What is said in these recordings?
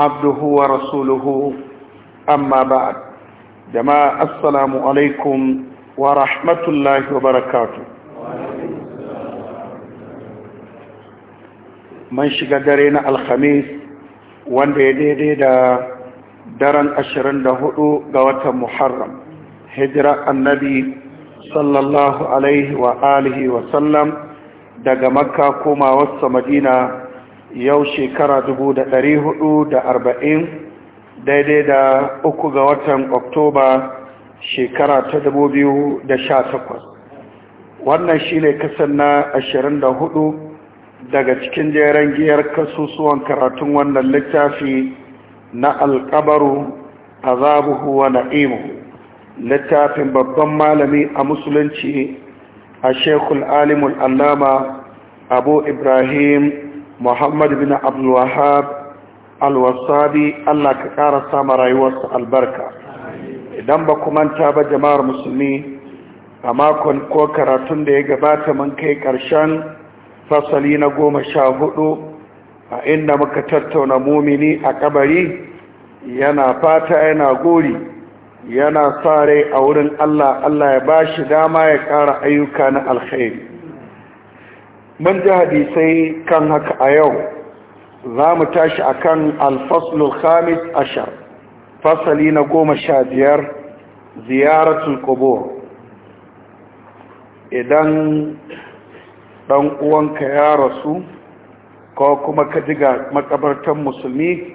Abduhu wa rasuluhu amma ba'ad بعد Assalamu alaikum wa rahmatullahi wa barakatu. Man shiga dare na alhamis wanda ya daidai da daren 24 ga watan muharram hijira annabi sallallahu alaihi wa alihi wa sallam daga makka koma wasu madina yau shekara dubu da ɗari hudu da arba'in daidai da uku ga watan oktoba shekara ta dubu biyu da sha takwas wannan shi ne kasan na ashirin da hudu daga cikin jeren giyar kasusuwan karatun wannan littafi na alkabaru azabuhu wa Na'imu, littafin babban malami a musulunci a shekul alimul allama abu ibrahim muhammad bin abdulwahab alwasabi allah ka ƙara sama rayuwarsa albarka idan ba manta ba jama'ar musulmi a makon ko karatun da ya gabata mun kai ƙarshen fasali na goma sha hudu a inda muka tattauna mumini a kabari yana fata yana gori yana sa rai a wurin allah allah ya ba shi dama ya ƙara ayyuka na alkhairi man ji hadisai kan haka a yau za mu tashi a kan alfaslul khamis ashar fasali na goma sha biyar ziyaratul Kobo, idan ɗan uwanka ya rasu ko kuma ka ji ga makabartan musulmi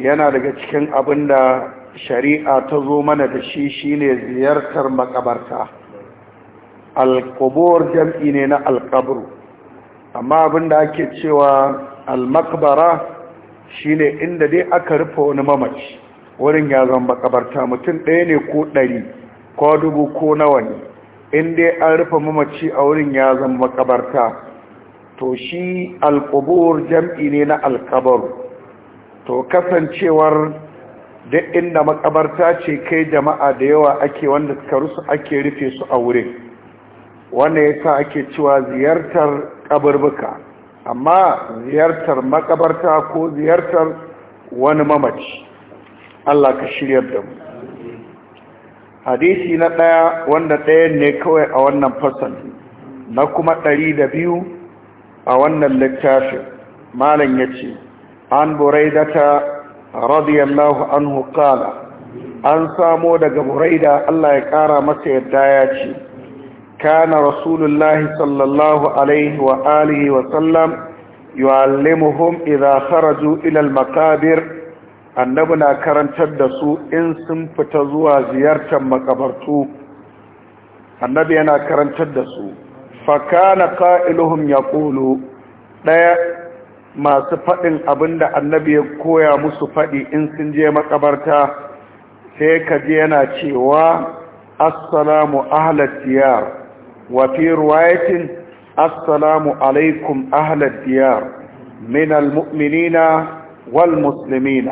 yana daga cikin abin da shari'a ta zo mana da shi shine ziyartar makabarta al jam'i ne na alƙabru amma abin da ake cewa almakbara shine inda dai aka rufe wani mamaci wurin ya zama makabarta mutum ɗaya ne ko ɗari ko dubu ko nawa ne inda dai an rufe mamaci a wurin ya zama makabarta to shi alƙubur jam'i ne na alƙabaru to kasancewar duk inda makabarta ce kai jama'a da yawa ake wanda suka rusu ake rufe su a wurin wannan yasa ake cewa ziyartar kaburbuka amma ziyartar makabarta ko ziyartar wani mamaci Allah ka shiryar da mu hadisi na ɗaya wanda ɗayan ne kawai a wannan fasal na kuma ɗari da biyu a wannan littafin malam ya ce an buraidata radiyallahu anhu kala an samo daga buraida Allah ya ƙara masa yadda ya ce كان رسول الله صلى الله عليه وآله وسلم يعلمهم إذا خرجوا إلى المقابر annabuna karantar da su in sun fita zuwa ziyartar makabartu annabi yana karantar da su faka na ya kolo ɗaya masu faɗin abinda annabi ya koya musu faɗi in sun je maƙabarta sai ka yana cewa assalamu ahalar ziyar وفي رواية السلام عليكم أهل الديار من المؤمنين والمسلمين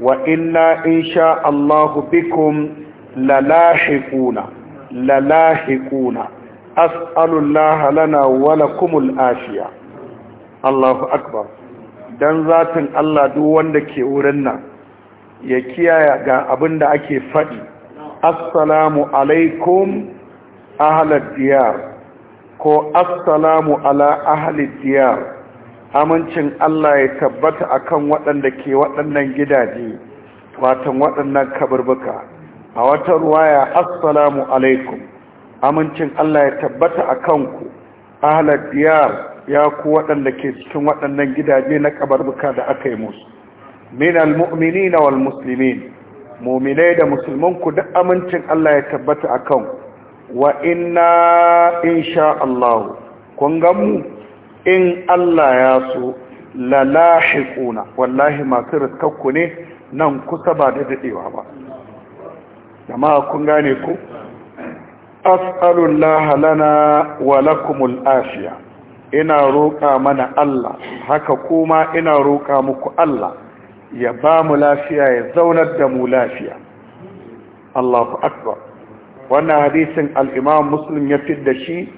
وإنا إن شاء الله بكم للاحقون للاحقون أسأل الله لنا ولكم الآشية الله أكبر dan zatin Allah duk wanda ke wurin nan ya kiyaye ga abin da ake faɗi assalamu alaikum ahalar diyar ko assalamu ala ahalar diyar amincin Allah ya tabbata akan waɗanda ke waɗannan gidaje watan waɗannan kaburbuka a wata ruwaya assalamu alaikum amincin Allah ya tabbata a kanku ahalar diyar ya ku waɗanda ke cikin waɗannan gidaje na kaburbuka da aka yi musu min almu'minina wal muslimin mu'minai da musulmanku duk amincin Allah ya tabbata akan ku wa inna insha Allah kun ga mu in Allah ya so lalahiquna wallahi masu riskakku ne nan kusa ba da dadewa ba jama'a kun gane ku as'alullaha lana wa lakumul afiya ina roƙa mana Allah haka kuma ina roƙa muku Allah ya ba mu lafiya ya zaunar da mu lafiya Allahu akbar wannan hadisin al'imam muslim ya fi da shi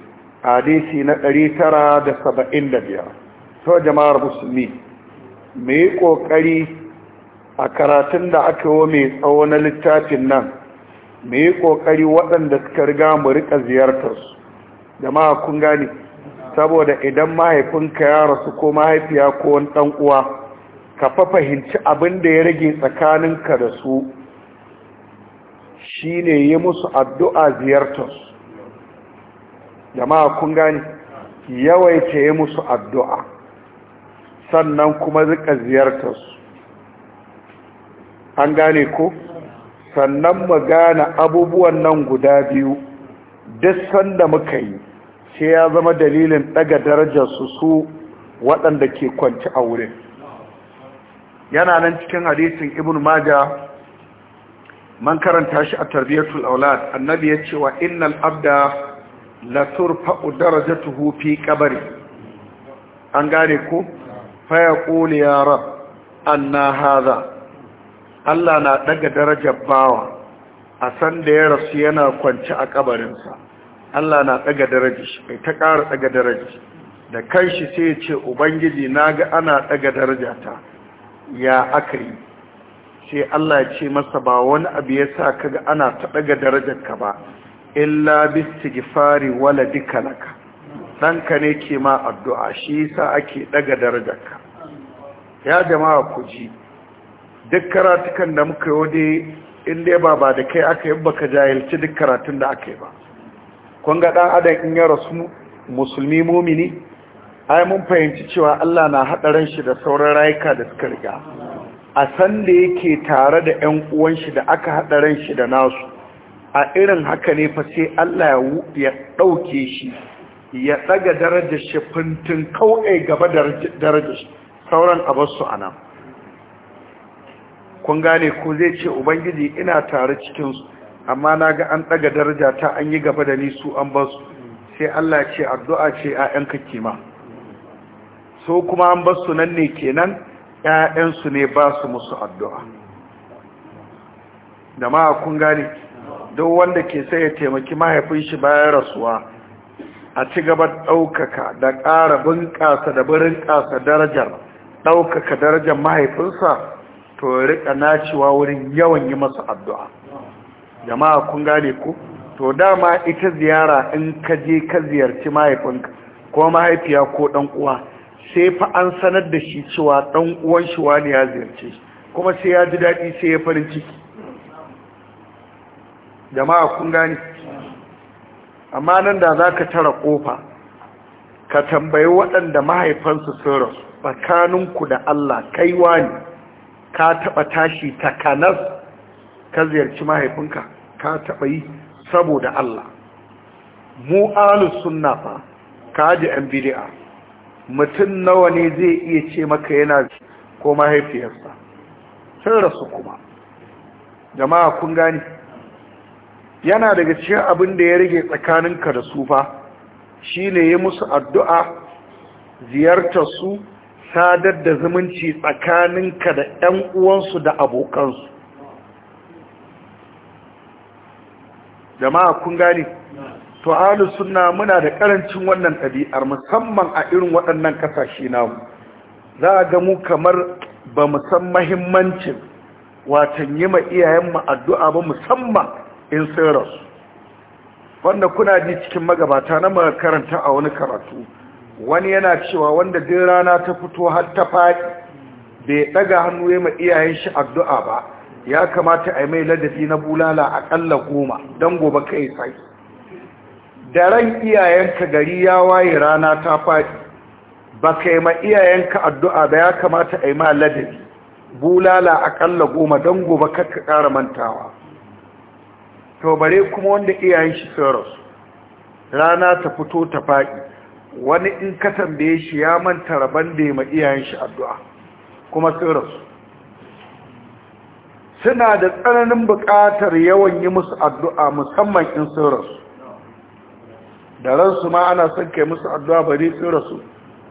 hadisi na 975 to jama'ar musulmi mu yi ƙoƙari a karatun da aka yi mai tsawo na littafin nan mu yi ƙoƙari waɗanda suka riga mu riƙa ziyartarsu jama'a kun gani saboda idan mahaifinka ya rasu ko mahaifiya ko wani ɗan uwa ka fa fahimci abin da ya rage tsakaninka da su shine yi musu addu'a ziyartarsu jama'a kun gani yawaita yi musu addu'a sannan kuma zika ziyartarsu an gane ko sannan mu gane abubuwan nan guda biyu duk sanda muka yi sai ya zama dalilin daga darajar su su waɗanda ke kwanci a wurin yana nan cikin hadisin ibn maja man karanta shi a tarbiyatul aulad annabi ya ce wa innal abda la turfa'u darajatuhu fi qabri an gane ko fa yaqulu ya rab anna hadha Allah na daga darajar bawa a san da ya rasu yana kwance a kabarinsa Allah na daga darajar shi bai ta ƙara daga darajar da kanshi sai ya ce ubangiji naga ana daga darajata ya akri sai Allah ya ce masa ba wani abu ya sa kaga ana taɗaga darajarka ba illa bistighfari wala dikalaka ka ne ke ma addu'a shi yasa ake ɗaga darajarka ya jama'a ku ji duk karatukan da muka yi in dai ba ba da kai aka yi baka jahilci duk karatun da aka yi ba kun ga ɗan adam in ya rasu musulmi mumini ai mun fahimci cewa Allah na hadaran shi da sauran rayuka da suka riga a san da yake tare da 'yan uwan shi da aka haɗa ran shi da nasu a irin haka ne fa sai Allah ya ɗauke shi ya ɗaga darajar shi fintin kawai gaba darajar shi sauran abarsu a nan kun gane ko zai ce ubangiji ina tare cikinsu amma na ga an ɗaga daraja ta an yi gaba da nisu an basu sai Allah ce addu'a ce a ‘yan kake ma so kuma an basu nan ne kenan Ya'yansu ne ba su musu addu'a jama'a kun gane duk wanda ke sai ya taimaki mahaifin shi bayan rasuwa a ci gaba ɗaukaka da ƙara bunƙasa da birin ƙasa darajar ɗaukaka darajar mahaifinsa to riƙa nacewa wurin yawan yi masa addu'a jama'a kun gane ku to dama ita ziyara in ka je ka ziyarci mahaifinka ko mahaifiya ko ɗan uwa sai fa an sanar da shi cewa ɗan uwan shi wani ya ziyarce kuma sai ya ji daɗi sai ya farin ciki jama'a kun gani amma nan da za ka tara ƙofa ka tambayi waɗanda mahaifansu sun rasu tsakaninku da Allah kai wani ka taɓa tashi takanas ka ziyarci mahaifinka ka taɓa yi saboda Allah mu sunna fa ka ji an bidi'a mutum nawa ne zai iya ce maka yana ko mahaifiyarsa sun rasu kuma jama'a kun gani yana daga cikin abin da ya rage tsakaninka da su fa shine yi musu addu'a ziyartar su sadar da zumunci tsakaninka da 'yan uwansu da abokansu jama'a kun gani to sunna muna da karancin wannan ɗabi'ar musamman a irin waɗannan kasashe namu za a ga mu kamar ba mu san mahimmancin watan yi ma iyayenmu addu'a ba musamman in sun rasu wanda kuna ji cikin magabata na mara karanta a wani karatu wani yana cewa wanda din rana ta fito har ta faɗi bai ɗaga hannu ya ma iyayen shi addu'a ba ya kamata a yi mai ladabi na bulala aƙalla goma don gobe kai sai da ran iyayenka gari ya waye rana ta faɗi ba ka yi ma iyayenka addu'a da ya kamata a yi ma ladabi bulala akalla goma don gobe kakka ƙara mantawa to bare kuma wanda iyayen shi rasu rana ta fito ta faɗi wani in ka tambaye shi ya manta rabon da ya ma iyayen shi addu'a kuma rasu suna da tsananin buƙatar yawan yi musu addu'a musamman in rasu da ransu ma ana son kai musu addu'a bari tsira su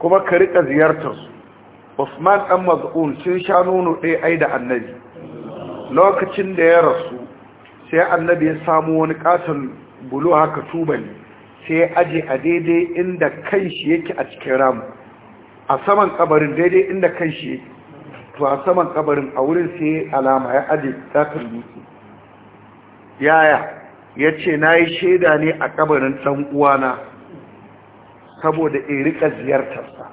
kuma ka rika ziyartar su Usman dan Maz'un sun sha nono ɗaya ai da Annabi lokacin da ya rasu sai Annabi ya samu wani katon bulu haka tubali sai ya aje a daidai inda kanshi yake a cikin ramu a saman kabarin daidai inda kanshi yake to a saman kabarin a wurin sai alama ya aje katon dutse yaya ya ce na yi shaida ne a kabarin ɗan uwana saboda in riƙa ziyartarsa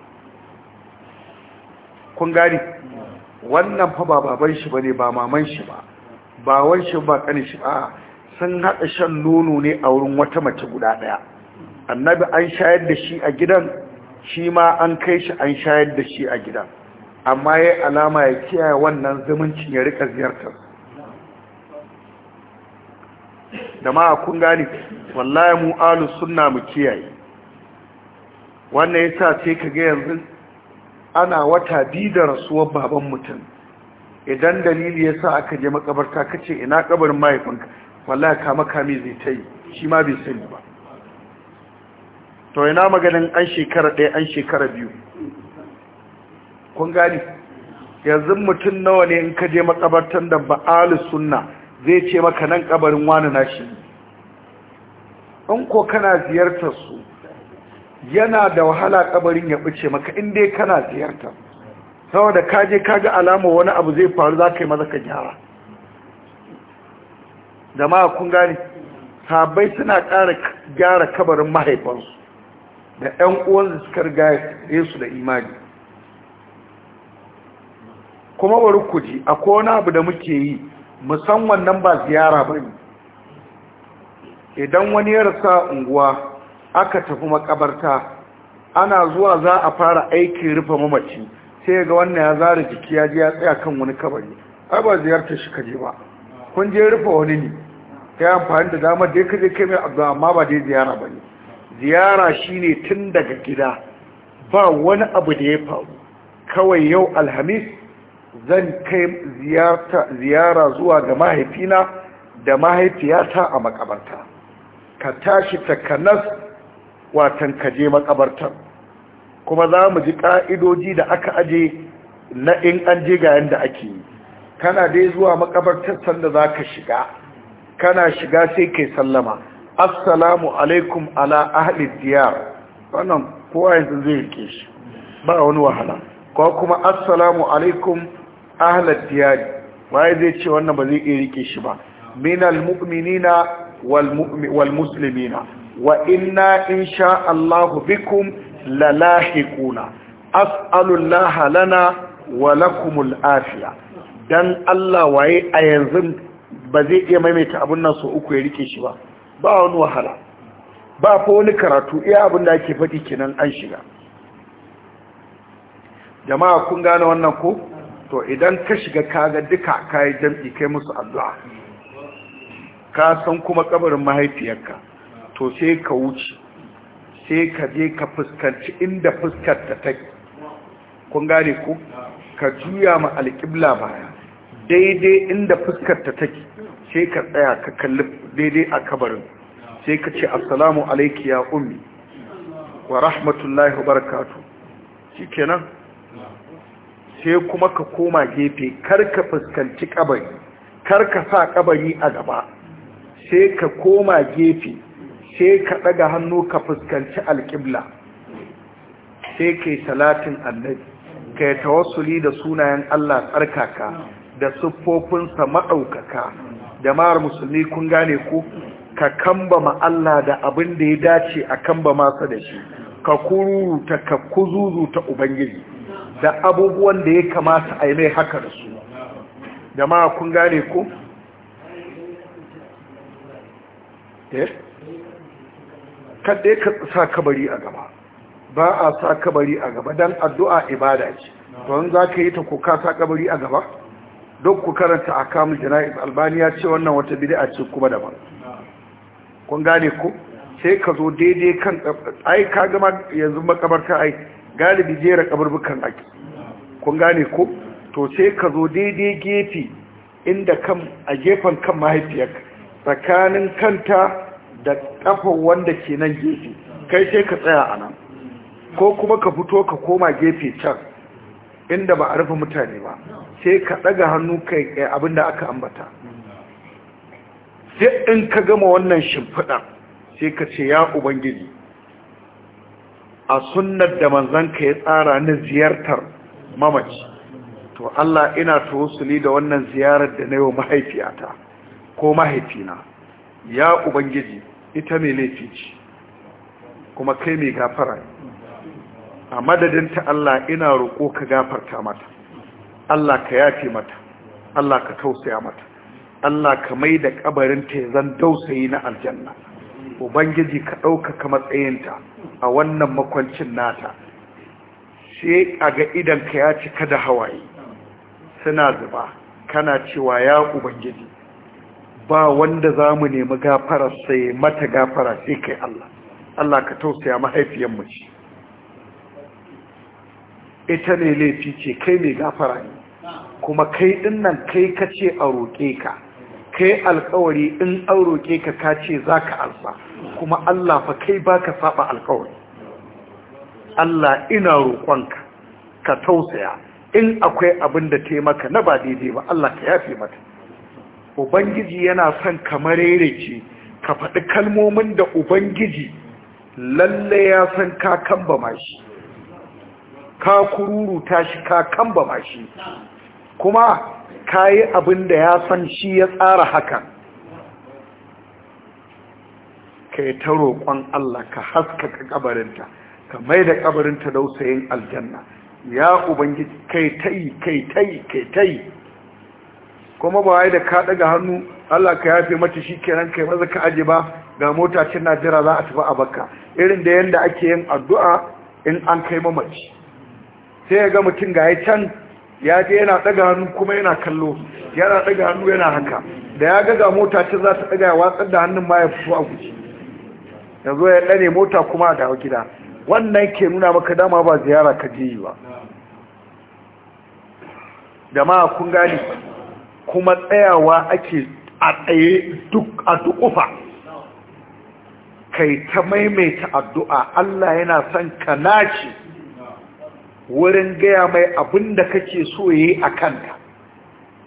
kun gani wannan fa ba baban shi ba ne ba maman shi ba bawan shi ba kan shi ba sun haɗa shan nono ne a wurin wata mace guda ɗaya annabi an shayar da shi a gidan shi ma an kai shi an shayar da shi a gidan amma ya alama ya kiyaye wannan zumuncin ya riƙa ziyartarsa Da ma kun gane wallahi mu alu sunna mu kiyaye wannan yasa sai kage yanzu ana wata biyu da rasuwar baban mutum idan dalili yasa aka je makabarta kace ina kabarin mahaifinka wallahi ka maka zai zai yi, shi ma bai sani ba to ina maganin an shekara ɗaya an shekara biyu kun gani yanzu mutum nawa ne in ka je makabartan da alu sunna zai ce maka nan kabarin wani nashi in ko kana ziyartar su yana da wahala kabarin ya bice maka in dai kana ziyartar saboda kaje kaga alama wani abu zai faru za ka yi maza ka gyara ma kun gane sabai suna ƙara gyara kabarin mahaifansu da 'yan uwan suka gaya yesu da imani kuma bari ku ji akwai wani abu da muke yi musamman nan ba ziyara ba ne idan wani ya rasa unguwa aka tafi makabarta ana zuwa za a fara aikin rufe mamaci sai ga wannan ya zara jiki ya ji ya tsaya kan wani kabari ai ba ziyartar shi kaje ba kun je rufe wani ne kai amfani da damar da ya kaje kai mai abu amma ba dai ziyara ba ne ziyara shine tun daga gida ba wani abu da ya faru kawai yau alhamis zan kai ziyara zuwa ga mahaifina da mahaifiyata a makabarta ka tashi takanas watan kaje makabartar kuma za mu ji ƙa'idoji da aka aje na in an je ga yadda ake yi kana dai zuwa makabartar sanda za ka shiga kana shiga sai kai sallama assalamu alaikum ala ahli diyar wannan kowa yanzu zai rike shi ba wani wahala ko kuma assalamu alaikum ahlal diyari waye zai ce wannan ba zai iya rike shi ba minal mu'minina wal muslimina wa inna insha Allah bikum lalahiquna Allah lana wa lakumul afiya dan Allah waye a yanzu ba zai iya maimaita abun nan so uku ya rike shi ba ba wani wahala ba fa wani karatu iya abin da ake faɗi kenan an shiga jama'a kun gane wannan ko to idan ka shiga ka ga duka kayi jam'i kai musu addu'a ka san kuma kabarin mahaifiyarka to sai ka wuce sai ka je ka fuskanci inda fuskar ta take kun gane ku ka juya ma alƙibla baya daidai inda fuskar ta take sai ka tsaya ka kalli daidai a kabarin sai ka ce assalamu alaiki ya ummi wa rahmatullahi wa barakatuh shikenan sai kuma ka koma gefe kar ka fuskanci kabari kar ka sa kabari a gaba sai ka koma gefe sai ka daga hannu ka fuskanci alƙibla sai ka yi salatin annabi ka yi tawassuli da sunayen Allah tsarkaka da siffofinsa maɗaukaka da mara musulmi kun gane ku ka kambama Allah da abin da ya dace a kamba masa da shi ka kururuta ka kuzuzuta ubangiji da abubuwan da ya kamata a yi mai haka da su jama'a kun gane ku? Eh? kada ya sa kabari a gaba ba a sa kabari a gaba don addu'a ibada ce don za ka yi ta kuka sa kabari a gaba don ku karanta a kamun jana'is albaniya ce wannan wata bide a ce kuma daban kun gane ku? sai ka zo daidai kan ai ka gama yanzu makabarta ai galibi jera kaburbukan ake kun gane ko to sai ka zo daidai gefe inda kan a gefen kan mahaifiyarka tsakanin kanta da kafan wanda ke nan gefe kai sai ka tsaya a nan ko kuma ka fito ka koma gefe can inda ba a rufe mutane ba sai ka ɗaga hannu kai abinda aka ambata sai in ka gama wannan shimfiɗa sai ka ce ya ubangiji a sunnar da ka ya tsara na ziyartar mamaci to Allah ina tawassuli da wannan ziyarar da na yau mahaifiyata ko mahaifina ya ubangiji ita mai laifi ce kuma kai mai gafara a ta Allah ina roƙo ka gafarta mata Allah ka yafe mata Allah ka tausaya mata Allah ka mai da ƙabarinta ya zan dausayi na aljanna ubangiji ka ɗaukaka matsayinta a wannan makwancin nata sai a ga idanka ya cika da hawaye suna zuba kana cewa ya ubangiji ba wanda za mu nemi gafara sai mata gafara sai kai Allah Allah ka tausaya mahaifiyanmu ce ita ne laifi ce kai mai gafara ne kuma kai ɗinnan kai ka ce a roƙe ka kai alkawari in auroke ka kace ka alfa, kuma Allah fa kai baka saba alkawari Allah ina roƙonka ka tausaya in akwai abin da ta maka na ba daidai ba Allah ka yafe mata ubangiji yana son kamar ce ka faɗi kalmomin da ubangiji lalle ya san ka kamba mashi ka kururuta shi ka kamba mashi kuma kayi abin da ya san shi ya tsara haka ka yi ta roƙon Allah ka haskaka ƙabarinta, ka mai da kabarinta dausayin aljanna ya ubangiji kai ta yi kai ta yi kai ta yi kuma ba wai da ka daga hannu Allah ka yafe mata shi kenan kai maza ka aje ba ga mota cin najira za a tafi a baka irin da yanda ake yin addu'a in an kai mamaci sai ya ga mutum ga ya can ya je yana daga hannu kuma yana kallo yana daga hannu yana haka da ya gaga mota ce za ta daga ya watsar da hannun ma ya fito a guji yanzu ya dane mota kuma a gida wannan ke nuna maka dama ba ziyara ka je yi ba ma kun gani kuma tsayawa ake a tsaye duk a kai ta maimaita addu'a Allah yana son ka naci wurin gaya mai abin da kake so yi a kanta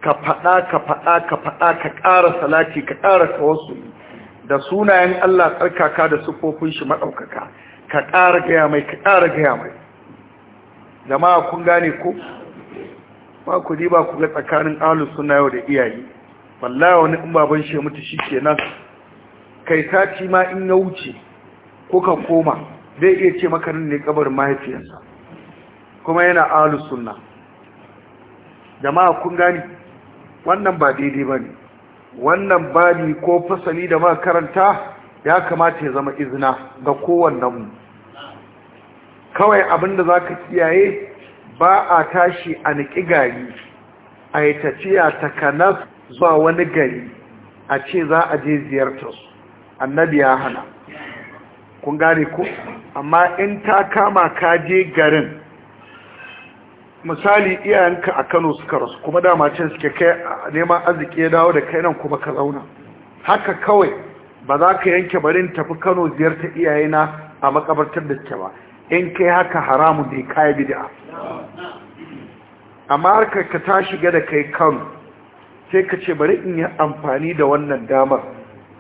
ka faɗa ka faɗa ka faɗa ka ƙara salati ka ƙara wasu da sunayen Allah tsarkaka da siffofin shi maɗaukaka ka ƙara gaya mai ka ƙara gaya mai jama'a kun gane ko ba ku ji ba ku ga tsakanin ahlus suna yau da iyaye wallahi wani in baban shi mutu shikenan kai sati ma in ya wuce ko ka koma zai iya ce maka nan ne kabarin mahaifiyarsa kuma yana ahlus sunna jama'a kun gani wannan ba daidai ba ne. wannan bani ko fasali da ma karanta ya kamata ya zama izina ga kowannen mu kawai abinda ka kiyaye ba a tashi a niƙi gari a yi tafiya ta kanas zuwa wani gari a ce za a je ziyartar annabi ya hana kun gane ku amma in ta kama ka je garin misali iyayenka a Kano suka rasu kuma dama ce suke kai neman arziki ya dawo da kai nan kuma ka zauna haka kawai ba za ka yanke barin tafi Kano ziyarta iyayena a makabartar da suke ba in kai haka haramun ne kai bid'a amma harkar ka ta shiga da kai Kano sai ka ce bari in yi amfani da wannan damar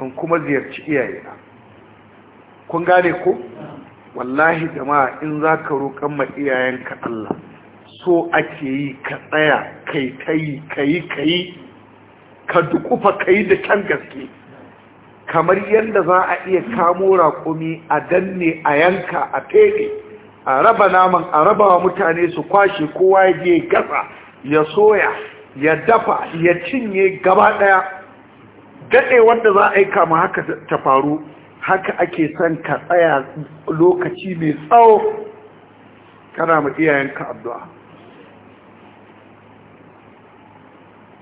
in kuma ziyarci iyayena kun gane ko wallahi jama'a in za ka roƙon ma iyayenka Allah so ake yi ka tsaya kai ta yi ka yi ka yi ka dukufa ka da kan gaske kamar yadda za a iya kamo raƙumi a danne a yanka a fede a raba naman a raba wa mutane su kwashe kowa ya je gasa ya soya ya dafa ya cinye gaba ɗaya daɗe wanda za a yi kama haka ta faru haka ake son ka tsaya lokaci mai tsawo kana ma iyayenka addu'a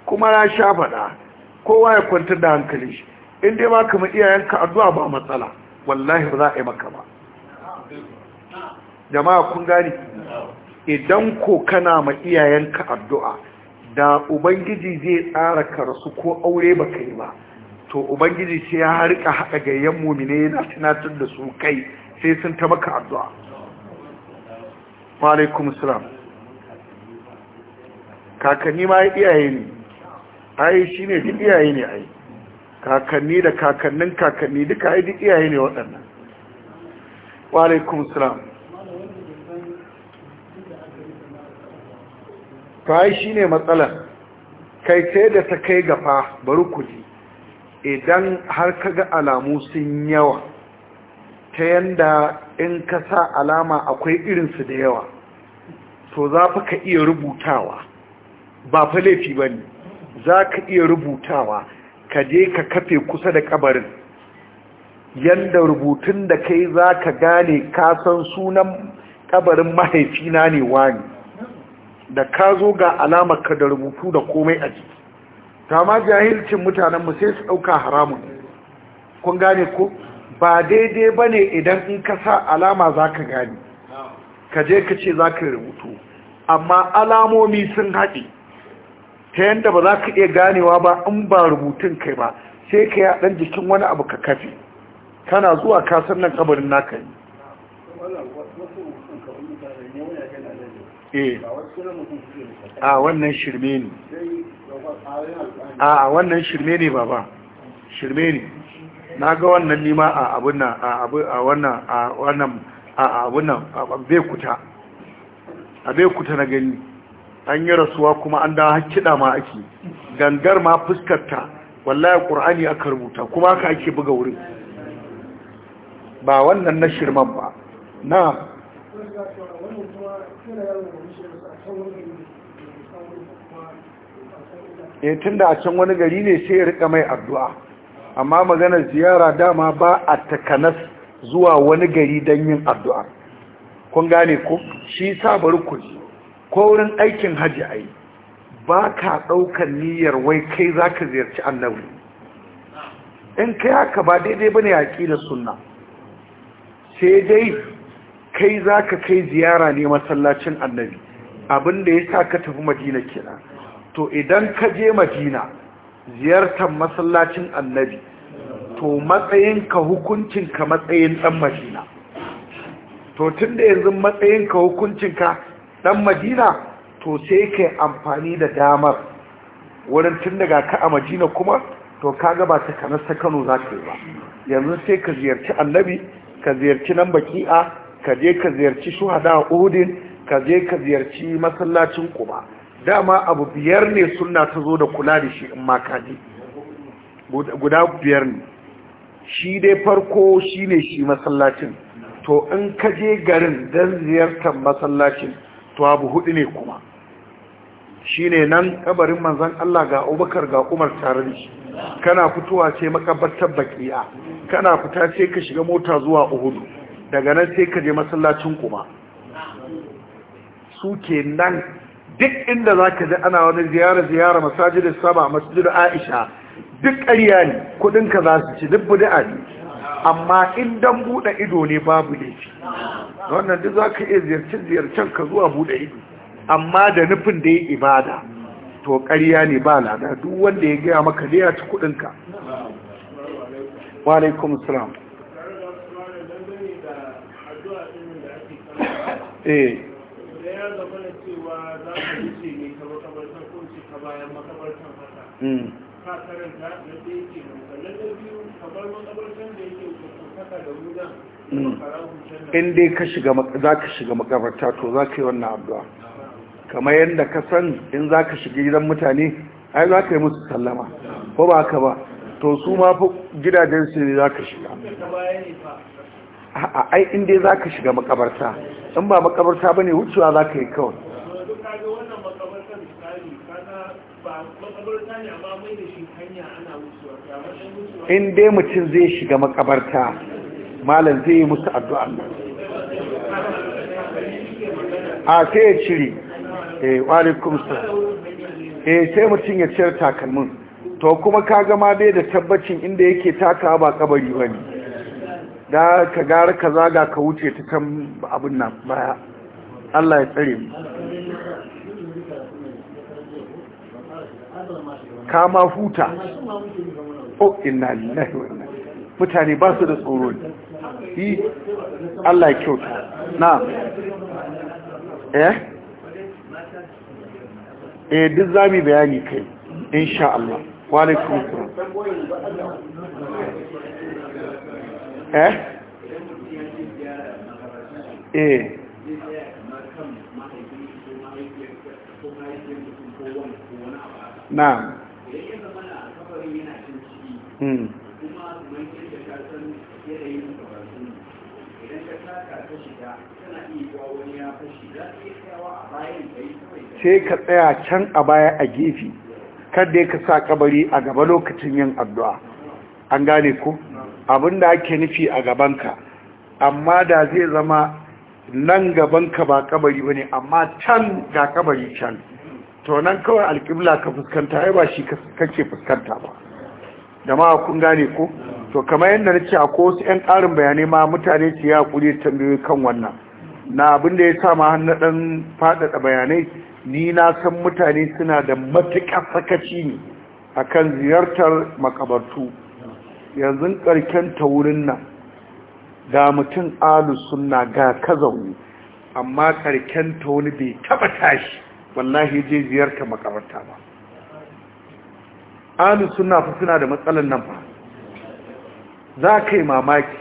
kuma ya sha faɗa kowa ya kwantar da hankali shi in dai baka kama iyayenka addu'a ba matsala wallahi ba za a yi maka ba jama'a kun gani idan ko kana ma iyayenka addu'a da ubangiji zai tsara karsu ko aure ba kai ba to ubangiji sai ya harika haɗa gayyan mumine yana tunatar da su kai sai sun ta maka addu'a ma'alaikum salam kakanni ma iyaye ne ai shi ne duk iyaye ne ai kakanni da kakannin kakanni duka ai duk iyaye ne waɗannan walaikun to ai shi ne matsalar kai sai da ta kai gafa bari kuji idan har ka ga alamu sun yawa ta yanda in ka sa alama akwai irinsu da yawa to za fa ka iya rubutawa ba fa laifi ba ne za ka iya rubutawa ka je ka kafe kusa da kabarin yadda rubutun da kai za ka gane kasan sunan kabarin mahaifina ne wani da ka zo ga alamarka da rubutu da komai a jiki ta ma jahilcin mutanenmu sai su ɗauka haramun kun gane ko ba daidai ba ne idan in ka sa alama za ka gane ka je ka ce za ka rubutu amma alamomi sun haɗe ta yadda ba za ka iya ganewa ba in ba rubutun kai ba sai ka yi ɗan jikin wani abu ka kafe kana zuwa kasar nan kabarin naka yi eh. a wannan shirme ne a wannan shirme ne baba shirme ne na ga wannan nima a abunan nan a wannan a wannan a abun nan a bai kuta a bai kuta na gani an yi rasuwa kuma an dawo kiɗa ma ake gangar ma fuskarta wallahi ƙur'ani aka rubuta kuma aka ake buga wurin ba wannan na shirman ba na e eh, tunda a can wani gari ne sai ya rika mai addu'a amma maganar ziyara dama ba a takanas zuwa wani gari don yin addu'a kun gane ko shi sa bari ku ko aikin hajji a yi ba ka ɗaukar niyyar wai kai za ka ziyarci annabi in kai haka ba daidai ba ne a da suna. sai dai kai za ka kai ziyara ne masallacin annabi abinda ya sa ka tafi madina kenan to idan ka je madina ziyartar masallacin annabi to matsayinka hukuncinka matsayin ɗan madina to tun da yanzu matsayinka hukuncinka ɗan madina to sai ka amfani da damar wurin tun daga ka a madina kuma to ka gaba ta kanar ta kano za ka yi ba yanzu sai ka ziyarci annabi ka ziyarci nan baki'a ka je ka ziyarci shuhada a udin ka je ka ziyarci masallacin kuma dama abu biyar ne suna ta zo da kula da shi in makaji guda biyar ne shi dai farko shi ne shi masallacin to in ka je garin don ziyartar masallacin to abu hudu ne kuma shine nan kabarin manzon Allah ga Abubakar ga Umar tare da shi kana fitowa sai makabartar bakiya kana fita sai ka shiga mota zuwa Uhud daga nan sai ka je masallacin kuma suke nan duk inda zaka je ana wani ziyara ziyara masajidin Saba masjidin Aisha duk ƙarya ne kudin ka za su ci duk da ne amma in dan buɗe ido ne babu ce wannan duk za ka iya ziyarce-ziyarcen ka zuwa buɗe ido amma da nufin da ya ibada to ƙariya ne ba lada duk wanda ya gaya maka ne ya ci kuɗinka walaikun musulam eh. hmm. ka karanta na biyu kamar makabartan da yake Hmm. in dai ka shiga za ka shiga makabarta to za ka yi wannan abuwa. kamar yadda ka san in za ka shiga gidan mutane ai za ka yi musu sallama ko ba ka ba to su ma fi gidajen su ne za ka shiga a ai in dai za ka shiga makabarta in ba makabarta ba ne wucewa za ka yi kawai in dai mutum zai shiga makabarta malam zai yi musu addu'a a sai ya cire eh kumsa eh sai mutum ya ciyar takalmin to kuma ka gama bai da tabbacin inda yake taka ba kabari bane da ka gara ka zaga ka wuce ta kan abin nan baya Allah ya tsare mu kama huta oh inna na yi mutane ba su da tsoro fi Allah ya kyauta na eh eh duk zami bayani kai insha Allah wa alaikum salam eh eh na hmm sai ka tsaya can a baya a gefe kada ka sa kabari a gaba lokacin yin addu'a an gane ku abinda ake nufi a gabanka amma da zai zama nan gabanka ba kabari bane amma can ga kabari can to nan kawai alƙibla ka fuskanta ai ba shi kake fuskanta ba da ma kun gane ku to kamar yadda na ce a ko wasu 'yan ƙarin bayanai ma mutane ce ya kuri tambayoyi kan wannan na abin da ya sa ma na ɗan faɗaɗa bayanai ni na san mutane suna da matuƙa sakaci ne akan ziyartar makabartu yanzu ƙarken ta wurin nan ga mutum alu sunna ga zaune, amma ƙarken ta wani bai taɓa tashi wallahi je ziyartar makabarta ba alu sunna fa suna da matsalar nan ba za ka yi mamaki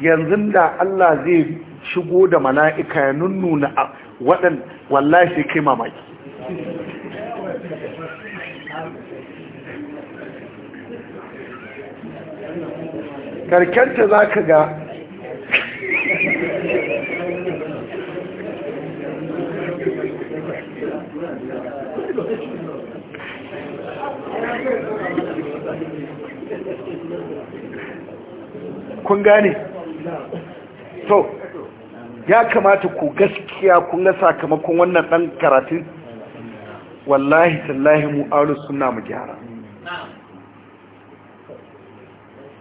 yanzu da Allah zai shigo da mala'ika ya nunnuna waɗan wallahi sai kai mamaki karkanta za ka ga kun gane to ya kamata ku gaskiya kun ga sakamakon wannan dan karatun wallahi tallahi mu aure suna mu gyara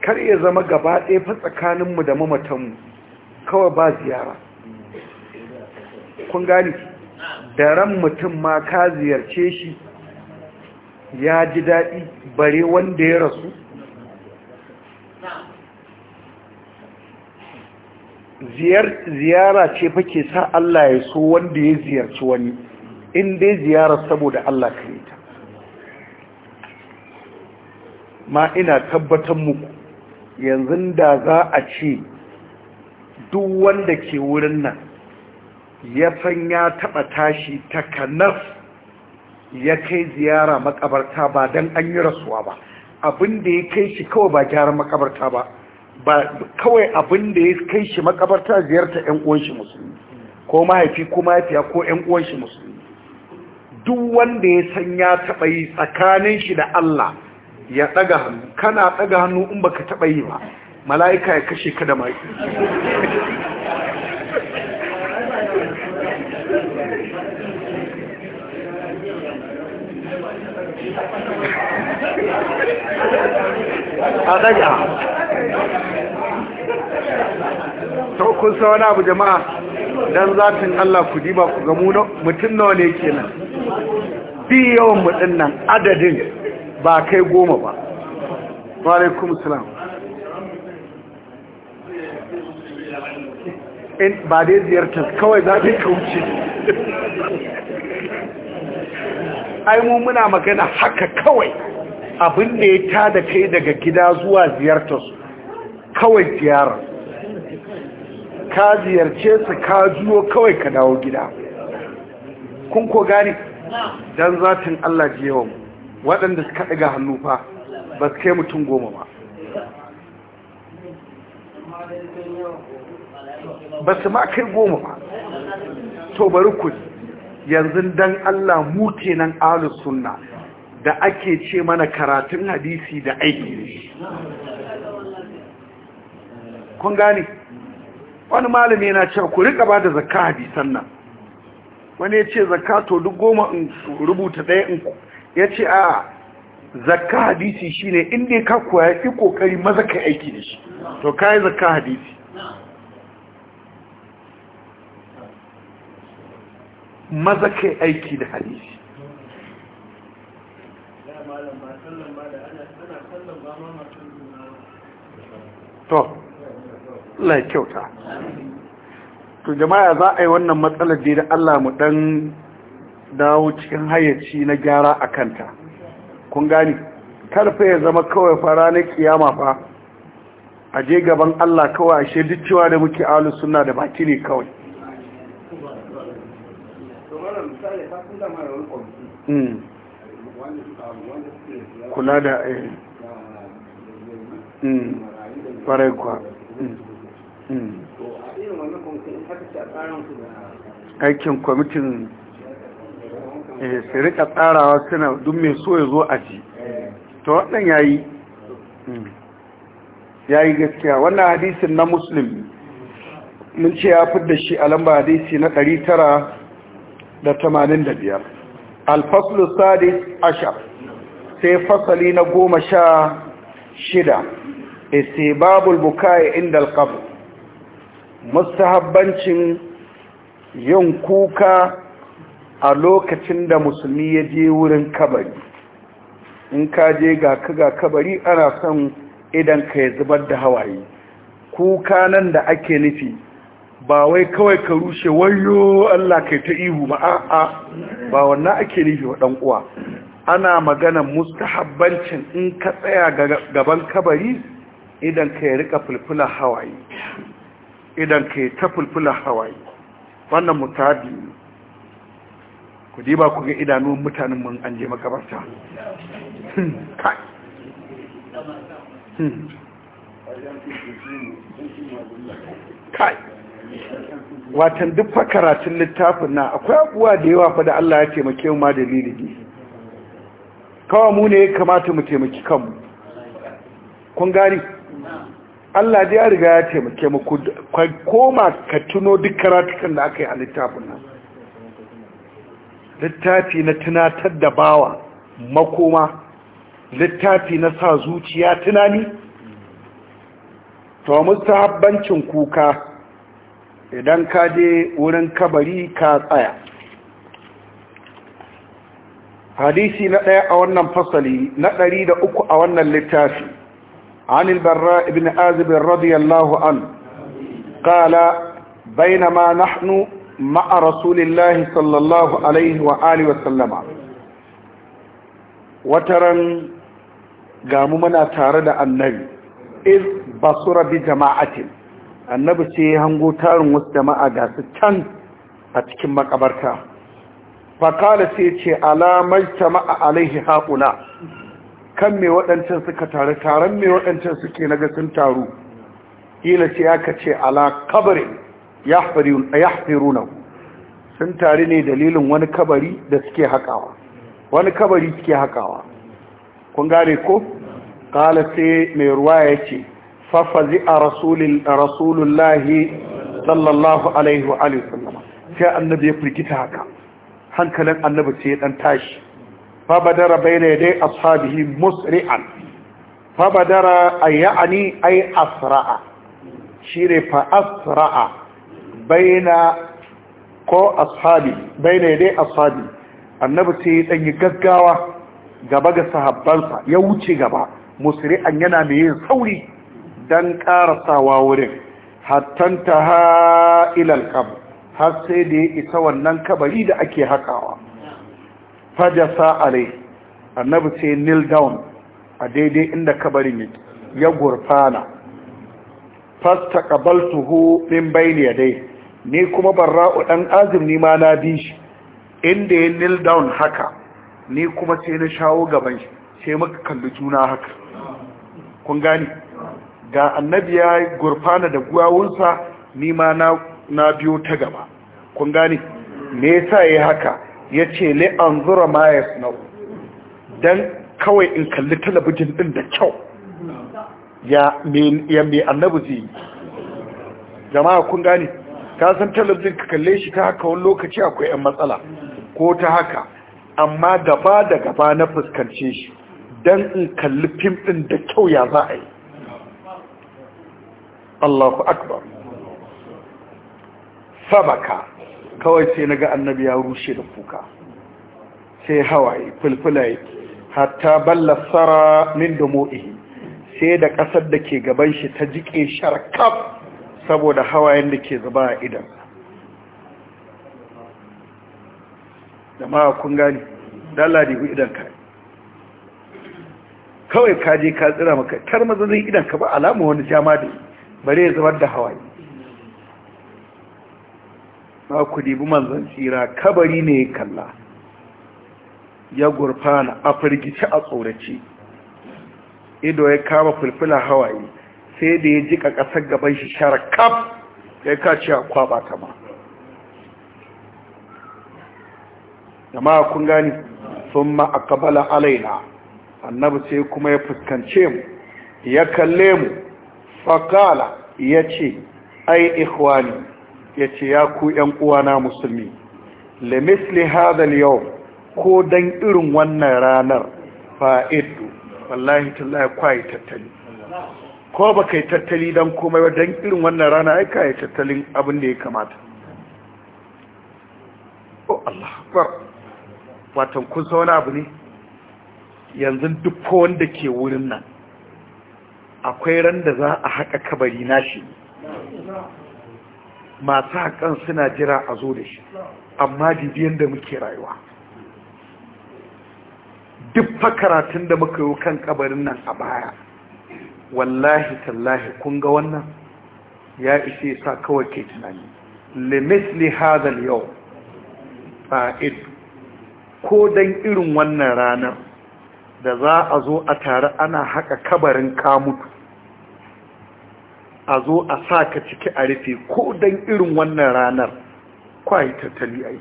kar ya zama gaba ɗaya fa tsakaninmu da mamatanmu kawai ba ziyara kun gani da ran mutum ma ka ziyarce shi ya ji daɗi bare wanda ya rasu ziyara ce fake sa Allah ya so wanda ya ziyarci wani in dai ziyara saboda Allah ka yi ta ma ina tabbatar muku yanzu da za a ce duk wanda ke wurin nan ya san ya taɓa tashi ta kanas ya kai ziyara makabarta ba don an yi rasuwa ba abinda ya kai shi kawai ba gyara makabarta ba ba kawai abin da ya kai shi makabarta ziyarta ƴan uwan shi musulmi ko mahaifi ko mahaifiya ko ƴan uwan shi musulmi duk wanda ya san ya taɓa yi tsakanin shi da Allah ya ɗaga hannu kana ɗaga hannu in baka taɓa yi ba mala'ika ya kashe ka da mai a to kun sa wani abu jama'a don zafin Allah ku diba ku ga mutum nawa ne nan? bi yawan mutum nan adadin ba kai goma ba wa alaikum salam in ba dai ziyartar kawai zafin ka wuce ai mu muna magana haka kawai abin da ya tada kai daga gida zuwa ziyartarsu kawai ziyara. ka ziyarce su ka juyo kawai ka dawo gida kun ko gani don zatin Allah ji yawon waɗanda suka ɗaga hannu fa ba su kai mutum goma ba ba su ma kai goma ba to bari ku yanzu don Allah mu kenan alus sunna da ake ce mana karatun hadisi da aiki ne kun gane wani malami yana cewa ku rika ba da zakka hadisan nan wani ya ce zakka to duk goma in rubuta ɗaya in ku. ya ce a zakka hadisi shine inda ka koya ki kokari maza ka aiki da shi to ka yi zakka hadisi maza ka aiki da hadisi to Allah kyauta to jama'a za a yi wannan matsalar da Allah mu dan dawo cikin hayyaci na gyara a kanta kun gani karfe ya zama kawai fara na kiyama fa a je gaban Allah kawai ashe duk da muke alu suna da baki ne kawai hmm. kula da eh hmm. kwarai kuwa, aikin kwamitin eh, sirika tsarawa suna duk mai so ya zo a ji ya yi. Hmm. yayi yi gaskiya wannan hadisin na muslim mun ce ya fi da shi a lamba hadisi na 985 alfaslu sadis ashar sai fasali na goma sha shida istibabul bukai inda alqabr mustahabbancin yin kuka a lokacin da musulmi ya je wurin kabari in ka je ga ka ga kabari ana son idan ka ya zubar da hawaye kuka nan da ake nufi ba wai kawai ka rushe wayo Allah kai ta ihu ba a'a ba wannan ake nufi wa dan uwa ana magana mustahabbancin in ka tsaya gaban kabari idan ka yi rika fulfula hawaye idan ka yi ta fulfula hawaye wannan mutabi ku diba ku ga idanun mutanen mun an je makabarta hmm, kai hmm. kai watan duk fakaratun karatun littafin na akwai abuwa da yawa fa da Allah ya taimake mu ma da liligi kawai mu ne ya kamata mu taimaki kanmu kun gani Allah ya riga ya taimake mu ka koma ka tuno duk karatukan da aka yi a littafin nan littafi na tunatar da bawa makoma littafi na sa zuciya tunani to mustahabbancin kuka idan ka je wurin kabari ka tsaya hadisi na ɗaya a wannan fasali na ɗari da uku a wannan littafi عن البراء بن عازب رضي الله عنه قال بينما نحن مع رسول الله صلى الله عليه وآله وسلم وترى قاموا تارد النبي إذ بصر بجماعة النبي سيهنغو تارن والجماعة جاسد أتكم مكبرتا فقال سيتي على ما اجتمع عليه هؤلاء kan me waɗancan suka taru taron me waɗancan suke na ga sun taru ila ce aka ce ala kabari ya hafiru sun taru ne dalilin wani kabari da suke haƙawa wani kabari suke haƙawa kun gane ko ƙala sai mai ruwa ya ce fafazi a rasulullahi sallallahu alaihi wa alaihi sallama sai annabi ya firgita haka hankalin annabi sai ya ɗan tashi فبدر بين يدي أصحابه مسرعا فبدر يعني أي أسرع شير فأسرع بين ko ashabi baina dai ashabi annabi sai ya danyi gaggawa gaba ga sahabbansa ya wuce gaba musri'an yana mai yin sauri dan karasawa wurin hattanta ha ilal kab har sai da ya isa wannan kabari da ake hakawa fajasa alai annabi sai kneel down a daidai inda kabarin yake ya gurfana fasta qabaltuhu min bayni yadai ni kuma barra'u dan azim ni ma na bi shi inda ya kneel down haka ni kuma sai na shawo gaban shi sai muka kalli juna haka kun gani ga annabi ya gurfana da guwawunsa ni ma na biyo ta gaba kun gani me yasa yayi haka ya ce an zura ma ya sinau don kawai in kalli talabijin ɗin da kyau ya mai annabu zai jama'a kun gane ka san talabijin ka kalle shi ta haka wani lokaci akwai 'yan matsala ko ta haka amma gaba da gaba na fuskance shi don in kalli fim ɗin da kyau ya za a yi Allahu akbar sabaka kawai sai na ga annabi ya rushe da kuka sai hawaye fulfulaye hatta ballassara min da sai da ƙasar da ke gaban shi ta jike sharkaf saboda hawayen da ke zuba a idan jama'a kun gani daladi ku idan ka kawai kaje ka tsira maka kar idan ka ba alama wani jama da bare zubar da hawaye ba ku dibi manzan tsira kabari ne kalla ya gurfana a firgici a tsoraci ido ya kama fulfula hawaye sai da ya jika ƙasar gaban shi shara kaf ya kaci a kwaba kama jama'a kun gani sun ma'akabala alaina annabi sai kuma ya fuskance mu ya kalle mu fakala ya ce ai ikhwani ya ce ya ku ‘yan uwana musulmi misli hadal yau ko don irin wannan ranar fa'idu wallahi ya kwaye tattali ko ba ka yi tattali don komai ba don irin wannan rana aika ya tattalin abin da ya kamata O Allah bar watan kun sauna abu ne yanzu duk wanda ke wurin nan akwai ran da za a haƙa kabari nashi masu haƙan suna jira a zo da shi amma dibiyan da muke rayuwa duk fakaratun da muka yi kan kabarin nan a baya wallahi tallahi kun ga wannan ya ishe sa kawai ke tunani limitli hadal yau fa'id ko don irin wannan ranar da za a zo a tare ana haka kabarin kamutu a zo a sa ka ciki a rufe ko don irin wannan ranar kwayi tattali a yi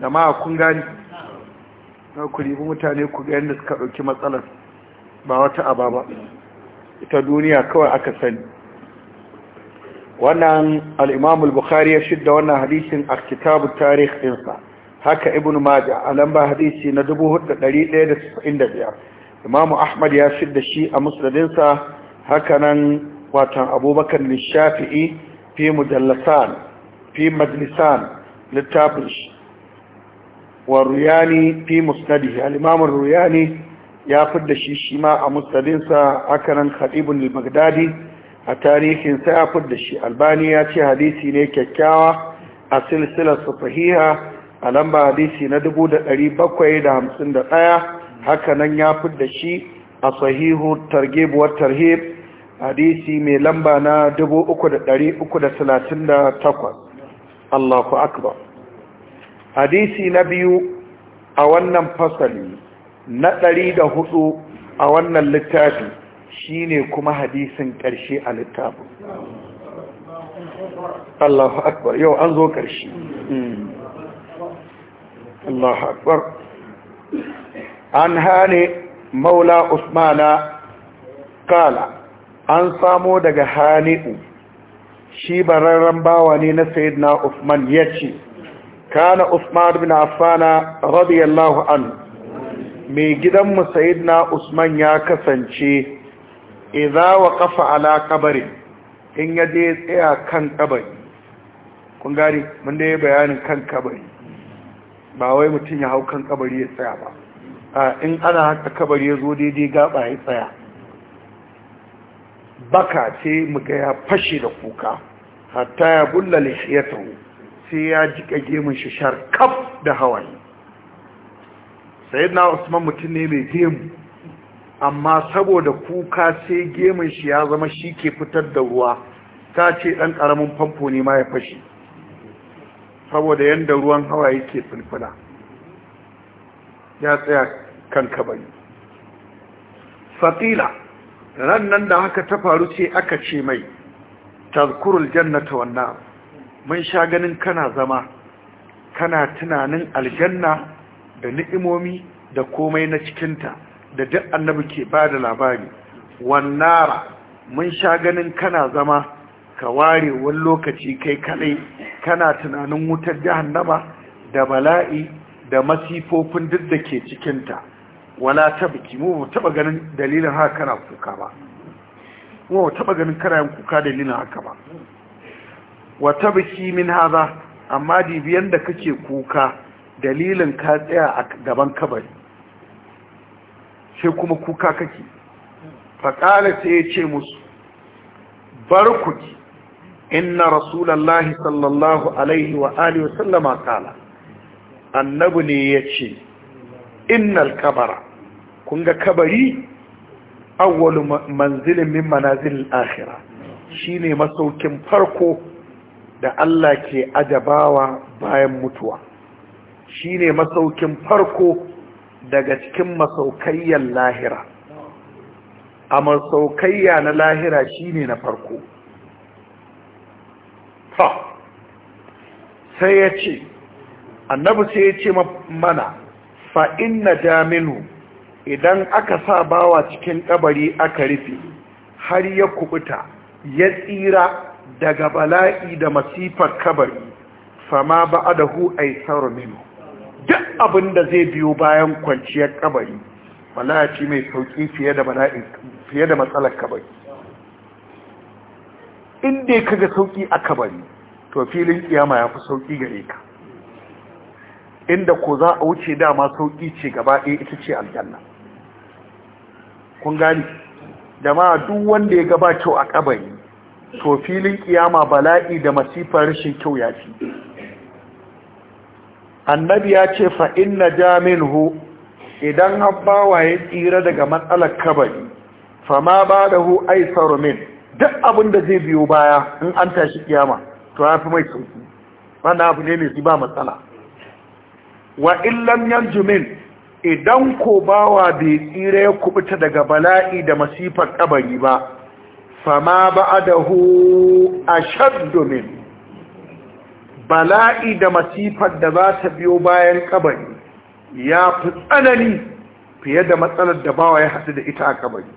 da ma kun gani na ku ribi mutane ku ga yadda suka ɗauki matsalar ba wata aba ba ita duniya kawai aka sani wannan al'imamul bukhari ya shidda wannan hadisin a kitabu tarih ɗinsa haka ibn maja a lamba hadisi na 4,195 imamu ahmad ya shidda shi a musulunsa hakanan watan abubakar lishafi'i fi mujallasan fi majlisan littafin wa ruyani fi musnadi alimamin ruyani ya fidda shi shi ma a musnadinsa hakanan khadibun magdadi a tarihinsa ya fidda shi albani ya ce hadisi ne kyakkyawa a silsilar sahiha a lamba hadisi na 751 hakanan ya fidda shi a sahihu targibuwar tarhib hadisi mai lamba na 3,338 Allahu akbar hadisi na biyu a wannan fasali na ɗari da hudu a wannan littafi shine kuma hadisin ƙarshe a littafin Allahu akbar yau an zo ƙarshe hmm. Allahu akbar an hane maula usmana kala an samo daga hani'u shi bararren bawa ne na sayyidina Uthman ce, kana Uthman bin Affan radiyallahu anhu mai gidan mu sayyidina Usman ya kasance idza waqafa ala qabri in yaje tsaya kan kabari kun gari mun da bayanin kan kabari ba wai mutum ya hau kan kabari ya tsaya ba A in ana haka kabari ya zo daidai gaba ya tsaya baka ce muka ya fashe da kuka hatta ya bulla lishiyatan sai ya jika gemun shi sharkaf da hawaye sayyidina usman mutum ne mai gemu amma saboda kuka sai gemun shi ya zama shi ke fitar da ruwa ta ce ɗan ƙaramin famfo ne ma ya fashe saboda yadda ruwan hawa ke fulfula ya tsaya kan kabari fatila Rannan da haka ta faru ce aka ce mai tazkurul jannata wannan mun sha ganin kana zama kana tunanin aljanna da ni'imomi da komai na cikinta da duk annabi ke ba da labari wanna mun sha ganin kana zama ka ware wani lokaci kai kaɗai kana tunanin wutar jahannama da bala'i da masifofin duk da ke cikinta wala tabki mu ba taba ganin dalilin haka kana kuka ba mu ba taba ganin kana yin kuka dalilin haka ba wa biki min haza amma dibiyan da kake kuka dalilin ka tsaya a gaban kabari sai kuma kuka kake faƙala sai ya ce musu bar ku ki inna rasulallahi sallallahu alaihi wa alihi wa sallama kala annabi ne ya ce innal kabara kun ga kabari awwalu manzilin min al-akhirah shine masaukin farko da Allah ke ajabawa bayan mutuwa shine masaukin farko daga cikin masaukayyan lahira a masaukayya na lahira shine na farko Fa sai ya ce annabi sai ya ce mana fa na jaminu idan aka sa bawa cikin ɗabari aka rufe har ya kubuta ya tsira daga bala'i da masifar kabari fama ba a da hu a yi duk abin da zai biyo bayan kwanciyar kabari bala'aci mai sauƙi fiye da matsalar kabari inda ya kaga sauƙi a kabari to filin kiyama ya fi sauƙi gare ka inda ko za a wuce dama sauƙi ce gaba ɗaya ita ce aljanna kun gani jama'a duk wanda ya gaba kyau a kabari to filin kiyama bala'i da masifar rashin kyau ya fi annabi ya ce fa inna hu idan habbawa ya tsira daga matsalar kabari fa ma ba da hu aisaru min duk abin da zai biyo baya in an tashi kiyama to ya fi mai sauki wanda abu ne mai ba matsala wa illam yan min idan ko bawa bai tsira ya kubuta daga bala'i da masifar kabari ba fama ba a hu a shaddomin bala'i da masifar da za ta biyo bayan kabari ya fi tsanani fiye da matsalar da bawa ya haɗu da ita a kabari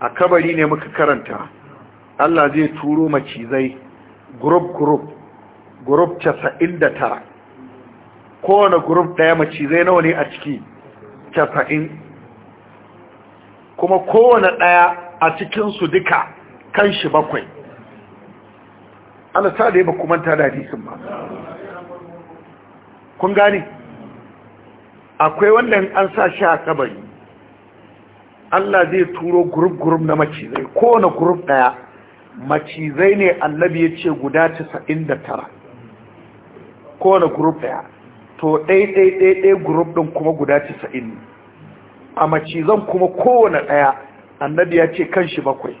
a kabari ne muka karanta Allah zai turo macizai gurub gurub gurub 99 kowane group daya macizai nawa ne a ciki casa'in kuma kowane daya a cikinsu duka kan shi bakwai ana sa da yi makumanta da hadisin ba kun gani akwai wanda an sa shi a kabari Allah zai turo gurub-gurub na macizai kowane gurub daya macizai ne annabi ya ce guda 99 kowane gurub daya to ɗaiɗaiɗaiɗai guruf ɗin kuma guda casa'in ne a macizan kuma kowane ɗaya annabi ya ce kan shi bakwai